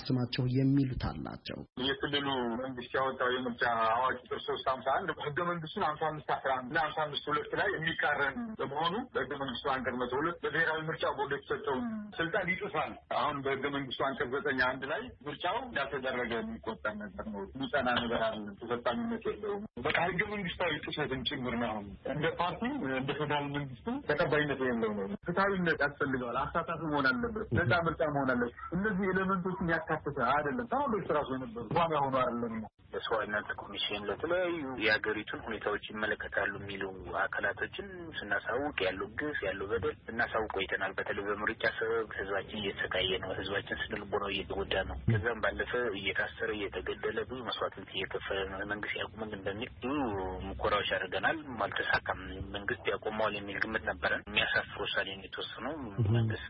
የሚሉት አላቸው። የክልሉ መንግስት ያወጣው የምርጫ አዋጅ ቁጥር ሶስት ሀምሳ አንድ ህገ መንግስቱን ሀምሳ አምስት አስራ አንድ እና ሀምሳ አምስት ሁለት ላይ የሚቃረን በመሆኑ በህገ መንግስቱ አንቀጽ መቶ ሁለት በብሔራዊ ምርጫ ቦርድ የተሰጠውን ስልጣን ይጥሳል። አሁን በህገ መንግስቱ አንቀጽ ዘጠኝ አንድ ላይ ምርጫው እንዳልተደረገ የሚቆጠር ነገር ነው። ሚጸና ነገር አለ። ተፈጻሚነት የለውም። በቃ ህገ መንግስታዊ ጥሰትም ጭምር ነው። እንደ ፓርቲ እንደ ፌዴራል መንግስቱ ተቀባይነት የለው ነው። ፍትሐዊነት ያስፈልገዋል። አሳታፊ መሆን አለበት። ነጻ ምርጫ መሆን አለበት። እነዚህ ኤሌመንቶችን ያካተተ አይደለም። ተወንዶች ራሱ የነበሩ ዋና ሆኖ አይደለም። ለሰው አይነት ኮሚሽን ለተለያዩ የሀገሪቱን ሁኔታዎች ይመለከታሉ የሚሉ አካላቶችን ስናሳውቅ ያሉ ግፍ ያሉ በደል እናሳውቅ ቆይተናል። በተለይ በምርጫ ሰበብ ህዝባችን እየተሰቃየ ነው። ህዝባችን ስንልቦ ነው እየተጎዳ ነው። ከዛም ባለፈ እየታሰረ እየተገደለ ብዙ መስዋዕትነት እየከፈለ ነው። መንግስት ያቁመን እንደሚል ብዙ ሙከራዎች አድርገናል። አልተሳካም። መንግስት ያቆመዋል የሚል ግምት ነበረን። የሚያሳፍር ውሳኔ የተወሰነው መንግስት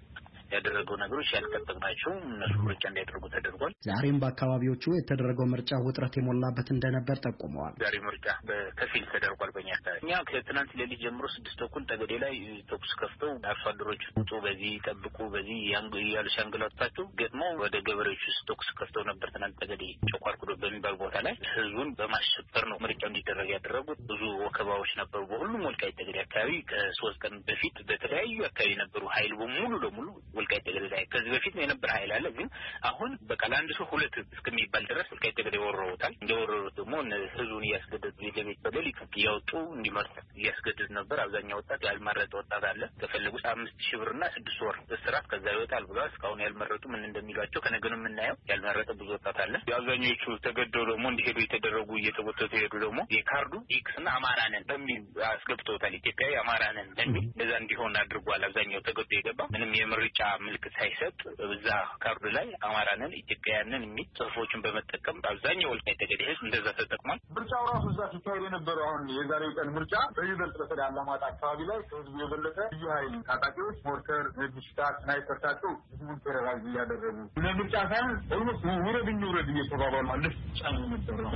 ያደረገው ነገሮች ያልጠበቅናቸው እነሱ ምርጫ እንዲያደርጉ ተደርጓል። ዛሬም በአካባቢዎቹ የተደረገው ምርጫ ውጥረት የሞላበት እንደነበር ጠቁመዋል። ዛሬ ምርጫ በከፊል ተደርጓል። በኛ አካባቢ እኛ ከትናንት ሌሊት ጀምሮ ስድስት ተኩል ጠገዴ ላይ ተኩስ ከፍተው አርሶ አደሮች ውጡ፣ በዚህ ጠብቁ፣ በዚህ እያሉ ሲያንገላታቸው ገጥመው ወደ ገበሬዎች ውስጥ ተኩስ ከፍተው ነበር። ትናንት ጠገዴ ጨቋርኩዶ በሚባል ቦታ ላይ ህዝቡን በማሸበር ነው ምርጫ እንዲደረግ ያደረጉት። ብዙ ወከባዎች ነበሩ። በሁሉም ወልቃይት ጠገዴ አካባቢ ከሶስት ቀን በፊት በተለያዩ አካባቢ የነበሩ ሀይል በሙሉ ለሙሉ ወልቃይት ጠገዴ ላይ ከዚህ በፊት የነበረ ኃይል አለ። ግን አሁን በቃ ለአንድ ሰው ሁለት እስከሚባል ድረስ ወልቃይት ጠገዴ ወረውታል። እንደወረሩት ደግሞ ህዝቡን እያስገደዱ ቤት ለቤት በሌሊት እያወጡ እንዲመርጥ እያስገደዱ ነበር። አብዛኛው ወጣት ያልመረጠ ወጣት አለ። ከፈለጉ አምስት ሺህ ብርና ስድስት ወር እስራት ከዛ ይወጣል ብሏል። እስካሁን ያልመረጡ ምን እንደሚሏቸው ከነገኑ የምናየው ያልመረጠ ብዙ ወጣት አለ። አብዛኞቹ ተገደው ደግሞ እንዲሄዱ የተደረጉ እየተጎተቱ ሄዱ። ደግሞ የካርዱ ኢክስ እና አማራ ነን በሚል አስገብተውታል። ኢትዮጵያዊ አማራ ነን በሚል እንደዛ እንዲሆን አድርጓል። አብዛኛው ተገዶ የገባ ምንም የምርጫ ምልክት ሳይሰጥ እዛ ካርዱ ላይ አማራንን ኢትዮጵያውያንን የሚል ጽሁፎችን በመጠቀም አብዛኛው ወልቃይት ጠገዴ ህዝብ እንደዛ ተጠቅሟል። ምርጫው ራሱ እዛ ሲካሄድ የነበረው አሁን የዛሬው ቀን ምርጫ በይበልጥ በተለይ አላማጣ አካባቢ ላይ ከህዝቡ የበለጠ ልዩ ኃይል ታጣቂዎች ሞርተር፣ ሽታ፣ ስናይፐር ታቸው ህዝቡን ቴሮራይዝ እያደረጉ ለምርጫ ሳይሆን ውረድኝ ውረድ እንውረድ እየተባባሉ አለፍ ጫ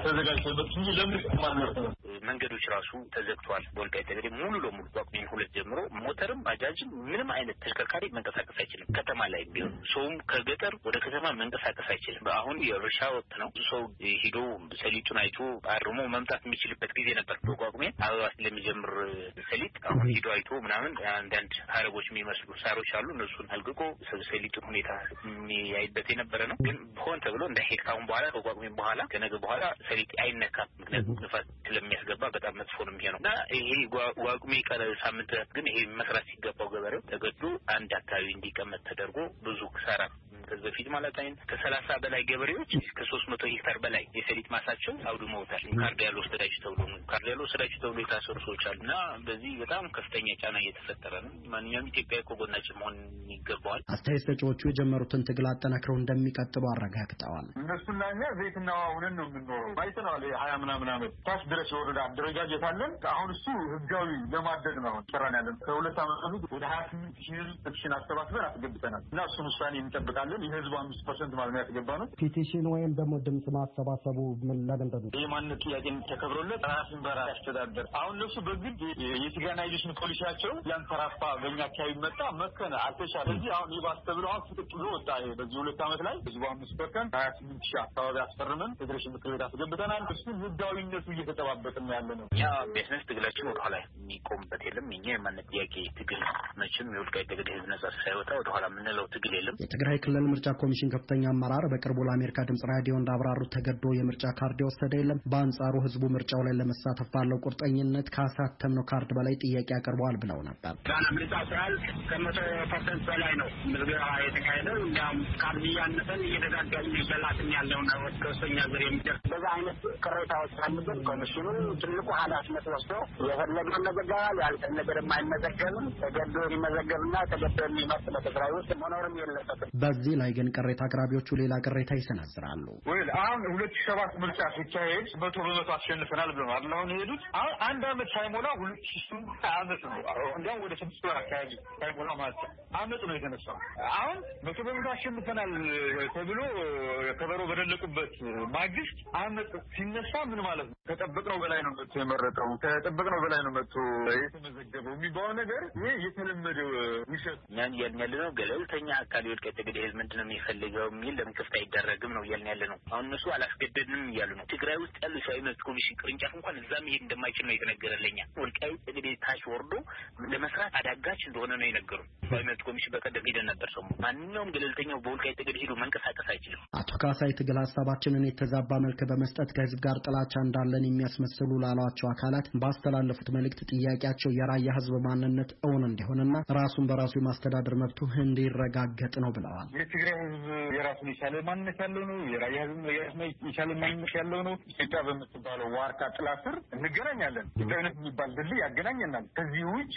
ተዘጋጅተበት እንጂ ለምርጫ ማንመርጥ ነው መንገዶች ራሱ ተዘግቷል። በወልቃይት ጠገዴ ሙሉ ለሙሉ በጳጉሜን ሁለት ጀምሮ ሞተርም ባጃጅም ምንም አይነት ተሽከርካሪ መንቀሳቀስ አይችልም። ከተማ ላይ ቢሆን ሰውም ከገጠር ወደ ከተማ መንቀሳቀስ አይችልም። አሁን የእርሻ ወቅት ነው። ብዙ ሰው ሂዶ ሰሊጡን አይቶ አርሞ መምጣት የሚችልበት ጊዜ ነበር። በጳጉሜን አበባ ስለሚጀምር ሰሊጥ አሁን ሂዶ አይቶ ምናምን አንዳንድ አረቦች የሚመስሉ ሳሮች አሉ። እነሱን አልግቆ ሰሊጡን ሁኔታ የሚያይበት የነበረ ነው። ግን ሆን ተብሎ እንዳይሄድ ካሁን በኋላ ከጳጉሜን በኋላ ከነገ በኋላ ሰሊጥ አይነካም። ምክንያቱም ንፋስ ስለሚያ ያስገባ በጣም መጥፎ ነው የሚሆነው እና ይሄ ዋቅሜ ቀረ ሳምንት ግን ይሄ መስራት ሲገባው ገበሬው ተገዱ አንድ አካባቢ እንዲቀመጥ ተደርጎ ብዙ ክሳራ ከዚህ በፊት ማለት አይነት ከሰላሳ በላይ ገበሬዎች ከሶስት መቶ ሄክታር በላይ የሰሊጥ ማሳቸው አውድመውታል። ካርድ ያለ ወሰዳችሁ ተብሎ ካርድ ያለ ወሰዳችሁ ተብሎ የታሰሩ ሰዎች አሉ እና በዚህ በጣም ከፍተኛ ጫና እየተፈጠረ ነው። ማንኛውም ኢትዮጵያ ከጎናችን መሆን ይገባዋል። አስተያየት ሰጪዎቹ የጀመሩትን ትግል አጠናክረው እንደሚቀጥሉ አረጋግጠዋል። እነሱና እኛ ዘይትና ውሃ ሆነን ነው የምንኖረው። አይተነዋል። ሀያ ምናምን አመት ታች ድረስ የሆነ ወረዳ አደረጃጀት አለን። አሁን እሱ ህጋዊ ለማድረግ ነው ሰራን ያለን። ከሁለት አመት በፊት ወደ ሀያ ስምንት ሺህ ህዝብ ፔቲሽን አሰባስበን አስገብተናል እና እሱን ውሳኔ እንጠብቃለን። የህዝቡ አምስት ፐርሰንት ማለት ነው ያስገባ ነው። ፔቲሽን ወይም ደግሞ ድምፅ ማሰባሰቡ ምን ለገንጠሉ የማንነት ጥያቄ ተከብሮለት ራስን በራስ ያስተዳደር አሁን እነሱ በግድ የሲጋናይዜሽን ፖሊሲያቸው ያንፈራፋ በኛ አካባቢ መጣ መከነ አልተሻ ስለዚህ አሁን ይባስ ተብሎ አሁን ፍጥጥ ብሎ ወጣ። በዚህ ሁለት አመት ላይ ህዝቡ አምስት ፐርሰንት ሀያ ስምንት ሺህ አካባቢ አስፈርመን ፌዴሬሽን ምክር ቤት አስገብተናል። እሱን ህጋዊነቱ እየተጠባበቀ ነው ያለ ነው። እኛ ቢዝነስ ትግላችን ወደኋላ የሚቆምበት የለም። እኛ የማንነት ጥያቄ ትግል መቼም የወልቃይት ጠገዴ ህዝብ ነጻ ሳይወጣ ወደኋላ የምንለው ትግል የለም። የትግራይ ክልል ምርጫ ኮሚሽን ከፍተኛ አመራር በቅርቡ ለአሜሪካ ድምጽ ራዲዮ እንዳብራሩት ተገዶ የምርጫ ካርድ የወሰደ የለም። በአንጻሩ ህዝቡ ምርጫው ላይ ለመሳተፍ ባለው ቁርጠኝነት ካሳተምነው ካርድ በላይ ጥያቄ አቅርበዋል ብለው ነበር። ጋና ምርጫ ስራል ከመቶ ፐርሰንት በላይ ነው ምዝገባ የተካሄደው። እንዲም ካርድ እያነሰን እየደጋጋሚ ይበላትን ያለውና ወደ ሶስተኛ ዙር የሚደርስ በዛ አይነት ቅሬታዎች አሉብን። ኮሚሽኑም ትልቁ ኃላፊነት ወስዶ የፈለገ ይመዘገባል፣ ያልፈለገ ነገር የማይመዘገብም ተገዶ የሚመዘገብና ተገዶ የሚመርጥ በትግራይ ውስጥ መኖርም የለበትም። በዚህ ላይ ግን ቅሬታ አቅራቢዎቹ ሌላ ቅሬታ ይሰነዝራሉ። ወይ አሁን ሁለት ሺህ ሰባት ምርጫ ሲካሄድ መቶ በመቶ አሸንፈናል ብለዋል። አሁን የሄዱት አሁን አንድ አመት ሳይሞላ ሁለት ሺህ ስምንት አመት ነው እንዲያውም ወደ ስድስት ወር አካባቢ ሳይሞላ ማለት ነው አመት ነው የተነሳው። አሁን መቶ በመቶ አሸንፈናል ተብሎ ከበሮ በደለቁበት ማግስት አመት ሲነሳ ምን ማለት ነው? ከጠበቅነው በላይ በላይ ነው መጥቶ የመረጠው ከጠበቅ ነው በላይ ነው መጥቶ የተመዘገበው የሚባለው ነገር ይህ የተለመደው ውሸት ያን እያልን ያለ ነው። ገለልተኛ አካል የወድቀት እንግዲህ ህዝብ ምንድን ነው የሚፈልገው የሚል ለምን ክፍት አይደረግም ነው እያልን ያለ ነው። አሁን እነሱ አላስገደድንም እያሉ ነው። ትግራይ ውስጥ ያሉ ሰብዓዊ መብት ኮሚሽን ቅርንጫፍ እንኳን እዛ መሄድ እንደማይችል ነው የተነገረለኛ። ወልቃይት እንግዲህ ታች ወርዶ ለመስራት አዳጋች እንደሆነ ነው የነገሩ። ሰብዓዊ መብት ኮሚሽን በቀደም ሄደን ነበር ሰሞኑን። ማንኛውም ገለልተኛው በወልቃይት እንግዲህ ሄዶ መንቀሳቀስ አይችልም። አቶ ካሳይ ትግል ሀሳባችንን የተዛባ መልክ በመስጠት ከህዝብ ጋር ጥላቻ እንዳለን የሚያስመስሉ አሉ ላሏቸው አካላት ባስተላለፉት መልእክት ጥያቄያቸው የራያ ህዝብ ማንነት እውን እንዲሆንና ራሱን በራሱ የማስተዳደር መብቱ እንዲረጋገጥ ነው ብለዋል። የትግራይ ህዝብ የራሱን የቻለ ማንነት ያለው ነው። የራያ ህዝብ የራሱን የቻለ ማንነት ያለው ነው። ኢትዮጵያ በምትባለው ዋርካ ጥላ ስር እንገናኛለን። ኢትዮጵያዊነት የሚባል ድልድይ ያገናኘናል። ከዚህ ውጭ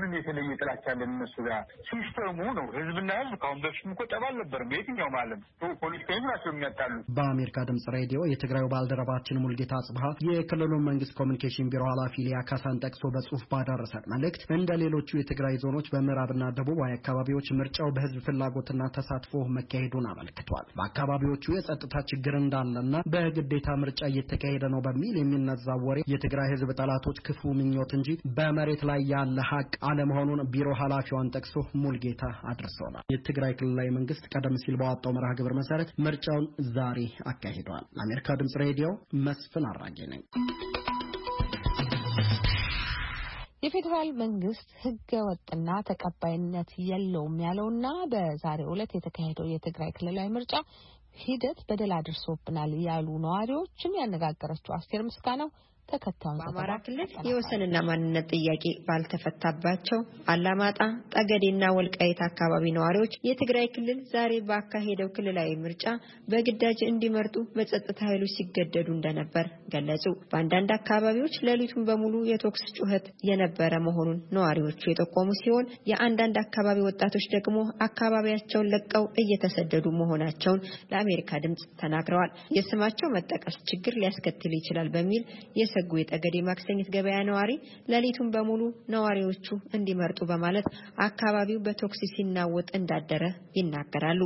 ምን የተለየ ጥላቻ አለን እነሱ ጋር? ሲስተሙ ነው። ህዝብና ህዝብ ከአሁን በፊትም እኮ ጠብ አልነበርም። የትኛውም ዓለም ፖለቲከኞች ናቸው የሚያጣሉ። በአሜሪካ ድምጽ ሬዲዮ የትግራዩ ባልደረባችን ሙልጌታ አጽብሃ የክልሉን መንግስት ኮሚኒኬሽን ቢሮ ኃላፊ ሊያ ካሳን ጠቅሶ በጽሁፍ ባደረሰን መልእክት እንደ ሌሎቹ የትግራይ ዞኖች በምዕራብና ደቡባዊ አካባቢዎች ምርጫው በህዝብ ፍላጎትና ተሳትፎ መካሄዱን አመልክቷል። በአካባቢዎቹ የጸጥታ ችግር እንዳለና በግዴታ ምርጫ እየተካሄደ ነው በሚል የሚነዛው ወሬ የትግራይ ህዝብ ጠላቶች ክፉ ምኞት እንጂ በመሬት ላይ ያለ የላቀ አለመሆኑን ቢሮ ኃላፊዋን ጠቅሶ ሙልጌታ አድርሰውናል። የትግራይ ክልላዊ መንግስት ቀደም ሲል በዋጣው መርሃ ግብር መሰረት ምርጫውን ዛሬ አካሂዷል። ለአሜሪካ ድምጽ ሬዲዮ መስፍን አራጌ ነኝ። የፌዴራል መንግስት ህገ ወጥና ተቀባይነት የለውም ያለውና በዛሬው ዕለት የተካሄደው የትግራይ ክልላዊ ምርጫ ሂደት በደል አድርሶብናል ያሉ ነዋሪዎችን ያነጋገረችው አስቴር ምስጋናው ተከታዩን በአማራ ክልል የወሰንና ማንነት ጥያቄ ባልተፈታባቸው አላማጣ፣ ጠገዴና ወልቃይት አካባቢ ነዋሪዎች የትግራይ ክልል ዛሬ ባካሄደው ክልላዊ ምርጫ በግዳጅ እንዲመርጡ በጸጥታ ኃይሎች ሲገደዱ እንደነበር ገለጹ። በአንዳንድ አካባቢዎች ሌሊቱን በሙሉ የቶክስ ጩኸት የነበረ መሆኑን ነዋሪዎቹ የጠቆሙ ሲሆን የአንዳንድ አካባቢ ወጣቶች ደግሞ አካባቢያቸውን ለቀው እየተሰደዱ መሆናቸውን ለአሜሪካ ድምጽ ተናግረዋል። የስማቸው መጠቀስ ችግር ሊያስከትል ይችላል በሚል የተሰጉ የጠገዴ ማክሰኝት ገበያ ነዋሪ ሌሊቱን በሙሉ ነዋሪዎቹ እንዲመርጡ በማለት አካባቢው በቶክሲ ሲናወጥ እንዳደረ ይናገራሉ።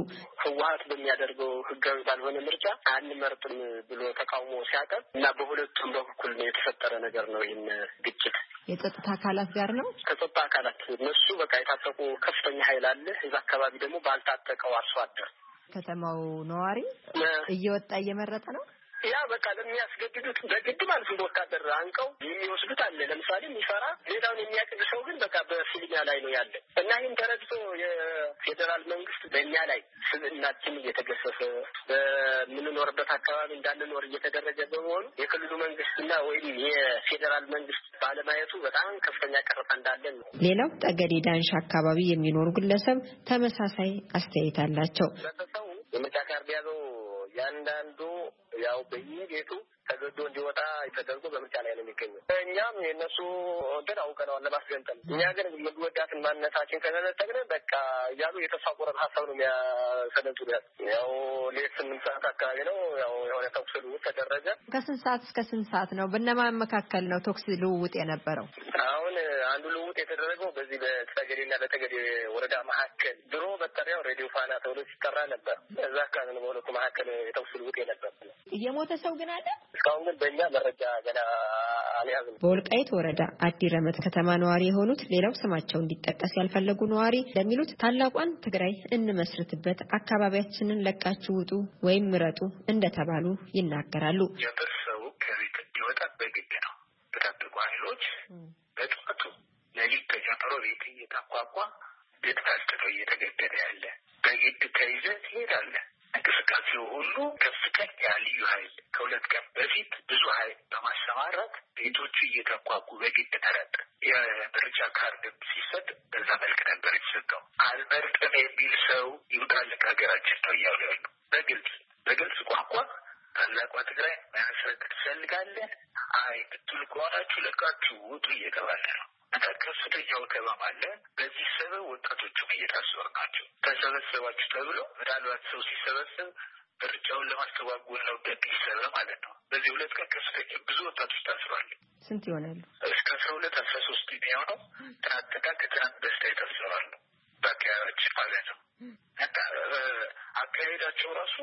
ህወሀት በሚያደርገው ህጋዊ ባልሆነ ምርጫ አንመርጥም ብሎ ተቃውሞ ሲያቀርብ እና በሁለቱም በኩል ነው የተፈጠረ ነገር ነው። ይህን ግጭት የጸጥታ አካላት ጋር ነው ከጸጥታ አካላት እነሱ በቃ የታጠቁ ከፍተኛ ኃይል አለ። እዛ አካባቢ ደግሞ ባልታጠቀው አርሶ አደር ከተማው ነዋሪ እየወጣ እየመረጠ ነው ያ በቃ ለሚያስገድዱት በግድ ማለት እንደ ወታደር አንቀው የሚወስዱት አለ። ለምሳሌ የሚፈራ ሌላውን የሚያቅድ ሰው ግን በቃ በፊልሚያ ላይ ነው ያለ እና ይህን ተረድቶ የፌዴራል መንግስት በእኛ ላይ ስብእናችን እየተገሰሰ በምንኖርበት አካባቢ እንዳንኖር እየተደረገ በመሆኑ የክልሉ መንግስትና ወይም የፌዴራል መንግስት ባለማየቱ በጣም ከፍተኛ ቅሬታ እንዳለን ነው። ሌላው ጠገዴ ዳንሻ አካባቢ የሚኖሩ ግለሰብ ተመሳሳይ አስተያየት አላቸው። ህብረተሰቡ የመጫካር ቢያዘው ያዘው giàu bị nhiễm virus ተገዶ እንዲወጣ ተደርጎ በምርጫ ላይ ነው የሚገኘው። እኛም የእነሱ ወደድ አውቀነዋል ለማስገንጠል እኛ ግን የምንወዳትን ማንነታችን ከተነጠቅን በቃ እያሉ የተስፋ ሀሳብ ነው የሚያሰለጡ። ያው ሌት ስምንት ሰዓት አካባቢ ነው ያው የሆነ ተኩስ ልውውጥ ተደረገ። ከስንት ሰዓት እስከ ስንት ሰዓት ነው? በነማን መካከል ነው ተኩስ ልውውጥ የነበረው? አሁን አንዱ ልውውጥ የተደረገው በዚህ በጸገዴና በጠገዴ ወረዳ መካከል ድሮ በጠሪያው ሬዲዮ ፋና ተብሎ ሲጠራ ነበር። እዛ አካባቢ ነው በሁለቱ መካከል የተኩስ ልውውጥ የነበር። እየሞተ ሰው ግን አለ እስካሁን ግን በእኛ መረጃ ገና አልያዝም። በወልቃይት ወረዳ አዲ ረመት ከተማ ነዋሪ የሆኑት ሌላው ስማቸው እንዲጠቀስ ያልፈለጉ ነዋሪ እንደሚሉት ታላቋን ትግራይ እንመስርትበት፣ አካባቢያችንን ለቃችሁ ውጡ ወይም ምረጡ እንደተባሉ ይናገራሉ። የህብረተሰቡ ከቤት እንዲወጣ በግድ ነው። በታጠቁ ኃይሎች በጠዋቱ ለሊት ተጀምሮ ቤት እየታንኳኳ ቤት ታስጥቶ እየተገደደ ያለ በግድ ተይዘህ ትሄዳለህ። እንቅስቃሴው ሁሉ ከፍተኛ ልዩ ኃይል ከሁለት ቀን በፊት ብዙ ኃይል በማሰማራት ቤቶቹ እየተንኳኩ በግድ ተረጥ የምርጫ ካርድም ሲሰጥ በዛ መልክ ነበር የተሰጠው። አልመርጥም የሚል ሰው ይውጣልን ከሀገራችን ነው እያሉ ያሉ በግልጽ በግልጽ ቋንቋ ታላቋ ትግራይ ማያስረክት ትፈልጋለን። አይ ብትል ከሆናችሁ ለቃችሁ ውጡ እየተባለ ነው። ከፍተኛ ወከባም አለ። በዚህ ሰበብ ወጣቶቹ እየታሰሩ ናቸው። ተሰበሰባችሁ ተብሎ ምናልባት ሰው ሲሰበሰብ ምርጫውን ለማስተጓጎል ነው ደግ ይሰራ ማለት ነው። በዚህ ሁለት ቀን ከፍተኛ ብዙ ወጣቶች ታስሯል። ስንት ይሆናሉ? እስከ አስራ ሁለት አስራ ሶስት የሚሆነው ትናንትና ከትናንት በስቲያ የታሰሯሉ። በአካባቢያችን ማለት ነው። አካሄዳቸው ራሱ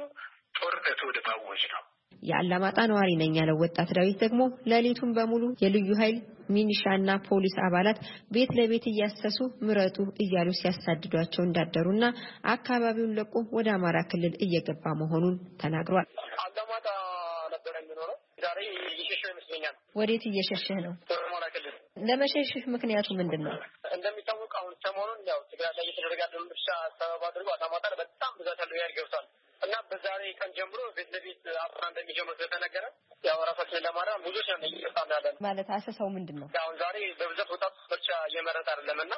ጦርነቱ ወደ ማወጅ ነው። የአላማጣ ነዋሪ ነኝ ያለው ወጣት ዳዊት ደግሞ ሌሊቱን በሙሉ የልዩ ኃይል ሚኒሻና ፖሊስ አባላት ቤት ለቤት እያሰሱ ምረጡ እያሉ ሲያሳድዷቸው እንዳደሩና አካባቢውን ለቆ ወደ አማራ ክልል እየገባ መሆኑን ተናግሯል። አላማጣ ነበረ የሚኖረው ዛሬ እየሸሸ ይመስለኛል። ወዴት እየሸሸህ ነው? ክልል። ለመሸሽህ ምክንያቱ ምንድን ነው? እንደሚታወቅ አሁን ሰሞኑን ያው ትግራይ ላይ እየተደረገ ያለውን ብቻ ሰበብ አድርጎ አላማጣ በጣም ብዛት ያለው ያህል ገብቷል። እና በዛሬ ቀን ጀምሮ ቤት ለቤት አሰሳ እንደሚጀምር ስለተነገረ ያው ራሳችንን ለማዳን ብዙዎች ነን እየሰጣን ያለ ማለት አሰሰው ምንድን ነው? አሁን ዛሬ በብዛት ወጣቱ ምርጫ እየመረጠ አይደለም እና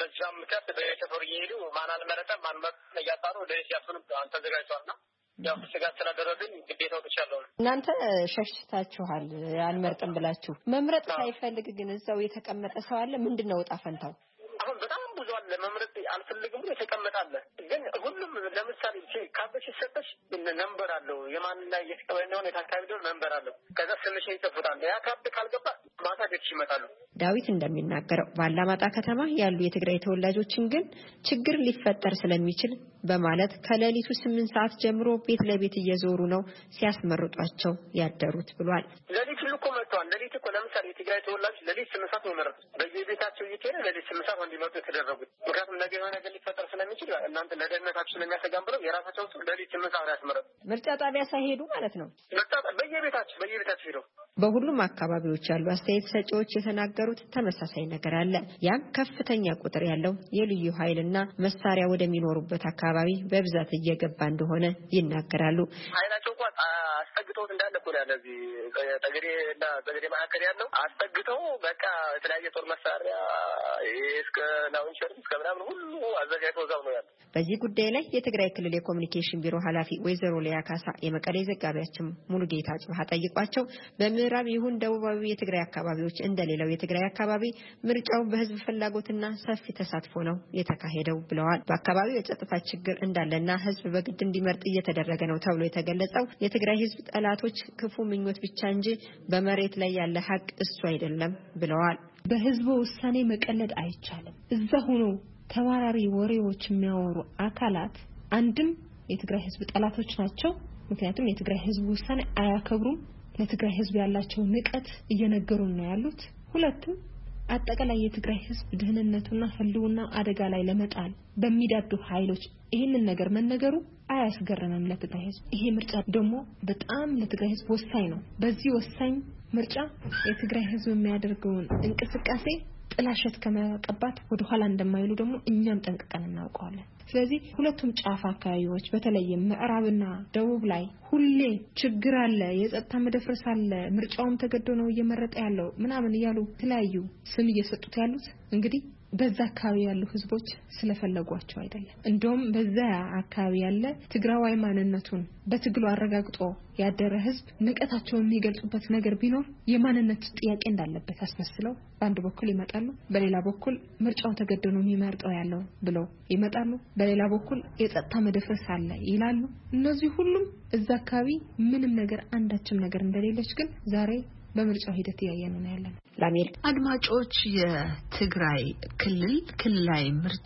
በዛም ምክንያት በሰፈሩ እየሄዱ ማን አልመረጠ ማን መረጠ እያጣሩ ለቤት ያሱን ተዘጋጅቷል ና ያው ስጋት ስላደረብኝ ግዴታ ወጥቻለሁ። እናንተ ሸሽታችኋል፣ አንመርጥም ብላችሁ መምረጥ ሳይፈልግ ግን እዛው የተቀመጠ ሰው አለ። ምንድን ነው እጣ ፈንታው? አሁን በጣም ብዙ አለ መምረጥ አልፈልግም ብሎ የተቀመጣለ ግን ሁሉም ለምሳሌ ካበሽ ሲሰጠች መንበር አለው የማን ላይ እየተቀበ እንደሆነ የታካቢ ደሆን መንበር አለው ከዛ ስምሽን ይጽፉታል። ያ ካርድ ካልገባ ማታ ገብሽ ይመጣሉ። ዳዊት እንደሚናገረው ባላማጣ ከተማ ያሉ የትግራይ ተወላጆችን ግን ችግር ሊፈጠር ስለሚችል በማለት ከሌሊቱ ስምንት ሰዓት ጀምሮ ቤት ለቤት እየዞሩ ነው ሲያስመርጧቸው ያደሩት ብሏል። ሌሊት ሁሉ እኮ መጥተዋል። ሌሊት እኮ ለምሳሌ የትግራይ ተወላጆች ሌሊት ስምንት ሰዓት ነው የመረጡት። በየቤታቸው እየተሄደ ሌሊት ስምንት ሰዓት እንዲመጡ የተደረጉት። ምክንያቱም ነገ የሆነ ነገር ሊፈጠር ስለሚችል እናንተ ለደህንነታችሁ ስለሚያሰጋም ብለው የራሳቸውን ሰው ለሊት ምሳ ብላ ያስመረጡ ምርጫ ጣቢያ ሳይሄዱ ማለት ነው። ምርጫ በየቤታችሁ በየቤታችሁ ሄደው በሁሉም አካባቢዎች ያሉ አስተያየት ሰጪዎች የተናገሩት ተመሳሳይ ነገር አለ። ያም ከፍተኛ ቁጥር ያለው የልዩ ኃይልና መሳሪያ ወደሚኖሩበት አካባቢ በብዛት እየገባ እንደሆነ ይናገራሉ። ኃይላቸው እንኳ አስጠግተውት እንዳለ እኮ ያለ እዚህ ጠገዴ እና ጠገዴ መካከል ያለው አስጠግተው በቃ የተለያየ ጦር መሳሪያ እስከ ናው ኢንሹራንስ ከምናምን ሁሉ አዘጋጅተው እዛው ነው ያለ። በዚህ ጉዳይ ላይ የትግራይ ክልል የኮሚኒኬሽን ቢሮ ኃላፊ ወይዘሮ ሊያ ካሳ የመቀሌ ዘጋቢያችን ሙሉ ጌታ ጽብሀ ጠይቋቸው በምዕራብ ይሁን ደቡባዊ የትግራይ አካባቢዎች እንደሌላው የትግራይ አካባቢ ምርጫው በህዝብ ፍላጎትና ሰፊ ተሳትፎ ነው የተካሄደው ብለዋል። በአካባቢው የጸጥታ ችግር እንዳለና ህዝብ በግድ እንዲመርጥ እየተደረገ ነው ተብሎ የተገለጸው የትግራይ ህዝብ ጠላቶች ክፉ ምኞት ብቻ እንጂ በመሬት ላይ ያለ ሀቅ እሱ አይደለም ብለዋል። በህዝቡ ውሳኔ መቀለድ አይቻልም። እዛ ሆኖ ተባራሪ ወሬዎች የሚያወሩ አካላት አንድም የትግራይ ህዝብ ጠላቶች ናቸው። ምክንያቱም የትግራይ ህዝብ ውሳኔ አያከብሩም። ለትግራይ ህዝብ ያላቸው ንቀት እየነገሩን ነው ያሉት። ሁለቱም አጠቃላይ የትግራይ ህዝብ ደህንነቱና ህልውና አደጋ ላይ ለመጣል በሚዳዱ ኃይሎች ይህንን ነገር መነገሩ አያስገርምም ለትግራይ ህዝብ። ይሄ ምርጫ ደግሞ በጣም ለትግራይ ህዝብ ወሳኝ ነው። በዚህ ወሳኝ ምርጫ የትግራይ ህዝብ የሚያደርገውን እንቅስቃሴ ጥላሸት ከመቀባት ወደ ኋላ እንደማይሉ ደግሞ እኛም ጠንቅቀን እናውቀዋለን። ስለዚህ ሁለቱም ጫፍ አካባቢዎች በተለይም ምዕራብና ደቡብ ላይ ሁሌ ችግር አለ፣ የጸጥታ መደፍረስ አለ፣ ምርጫውም ተገዶ ነው እየመረጠ ያለው ምናምን እያሉ የተለያዩ ስም እየሰጡት ያሉት እንግዲህ በዛ አካባቢ ያሉ ህዝቦች ስለፈለጓቸው አይደለም። እንደውም በዛ አካባቢ ያለ ትግራዋይ ማንነቱን በትግሉ አረጋግጦ ያደረ ህዝብ ንቀታቸውን የሚገልጹበት ነገር ቢኖር የማንነት ጥያቄ እንዳለበት አስመስለው በአንድ በኩል ይመጣሉ፣ በሌላ በኩል ምርጫው ተገዶ ነው የሚመርጠው ያለው ብለው ይመጣሉ፣ በሌላ በኩል የጸጥታ መደፍረስ አለ ይላሉ። እነዚህ ሁሉም እዛ አካባቢ ምንም ነገር አንዳችም ነገር እንደሌለች ግን ዛሬ በምርጫው ሂደት እያየን ነው ያለን። ለአሜሪካ አድማጮች የትግራይ ክልል ክልላዊ ምርጫ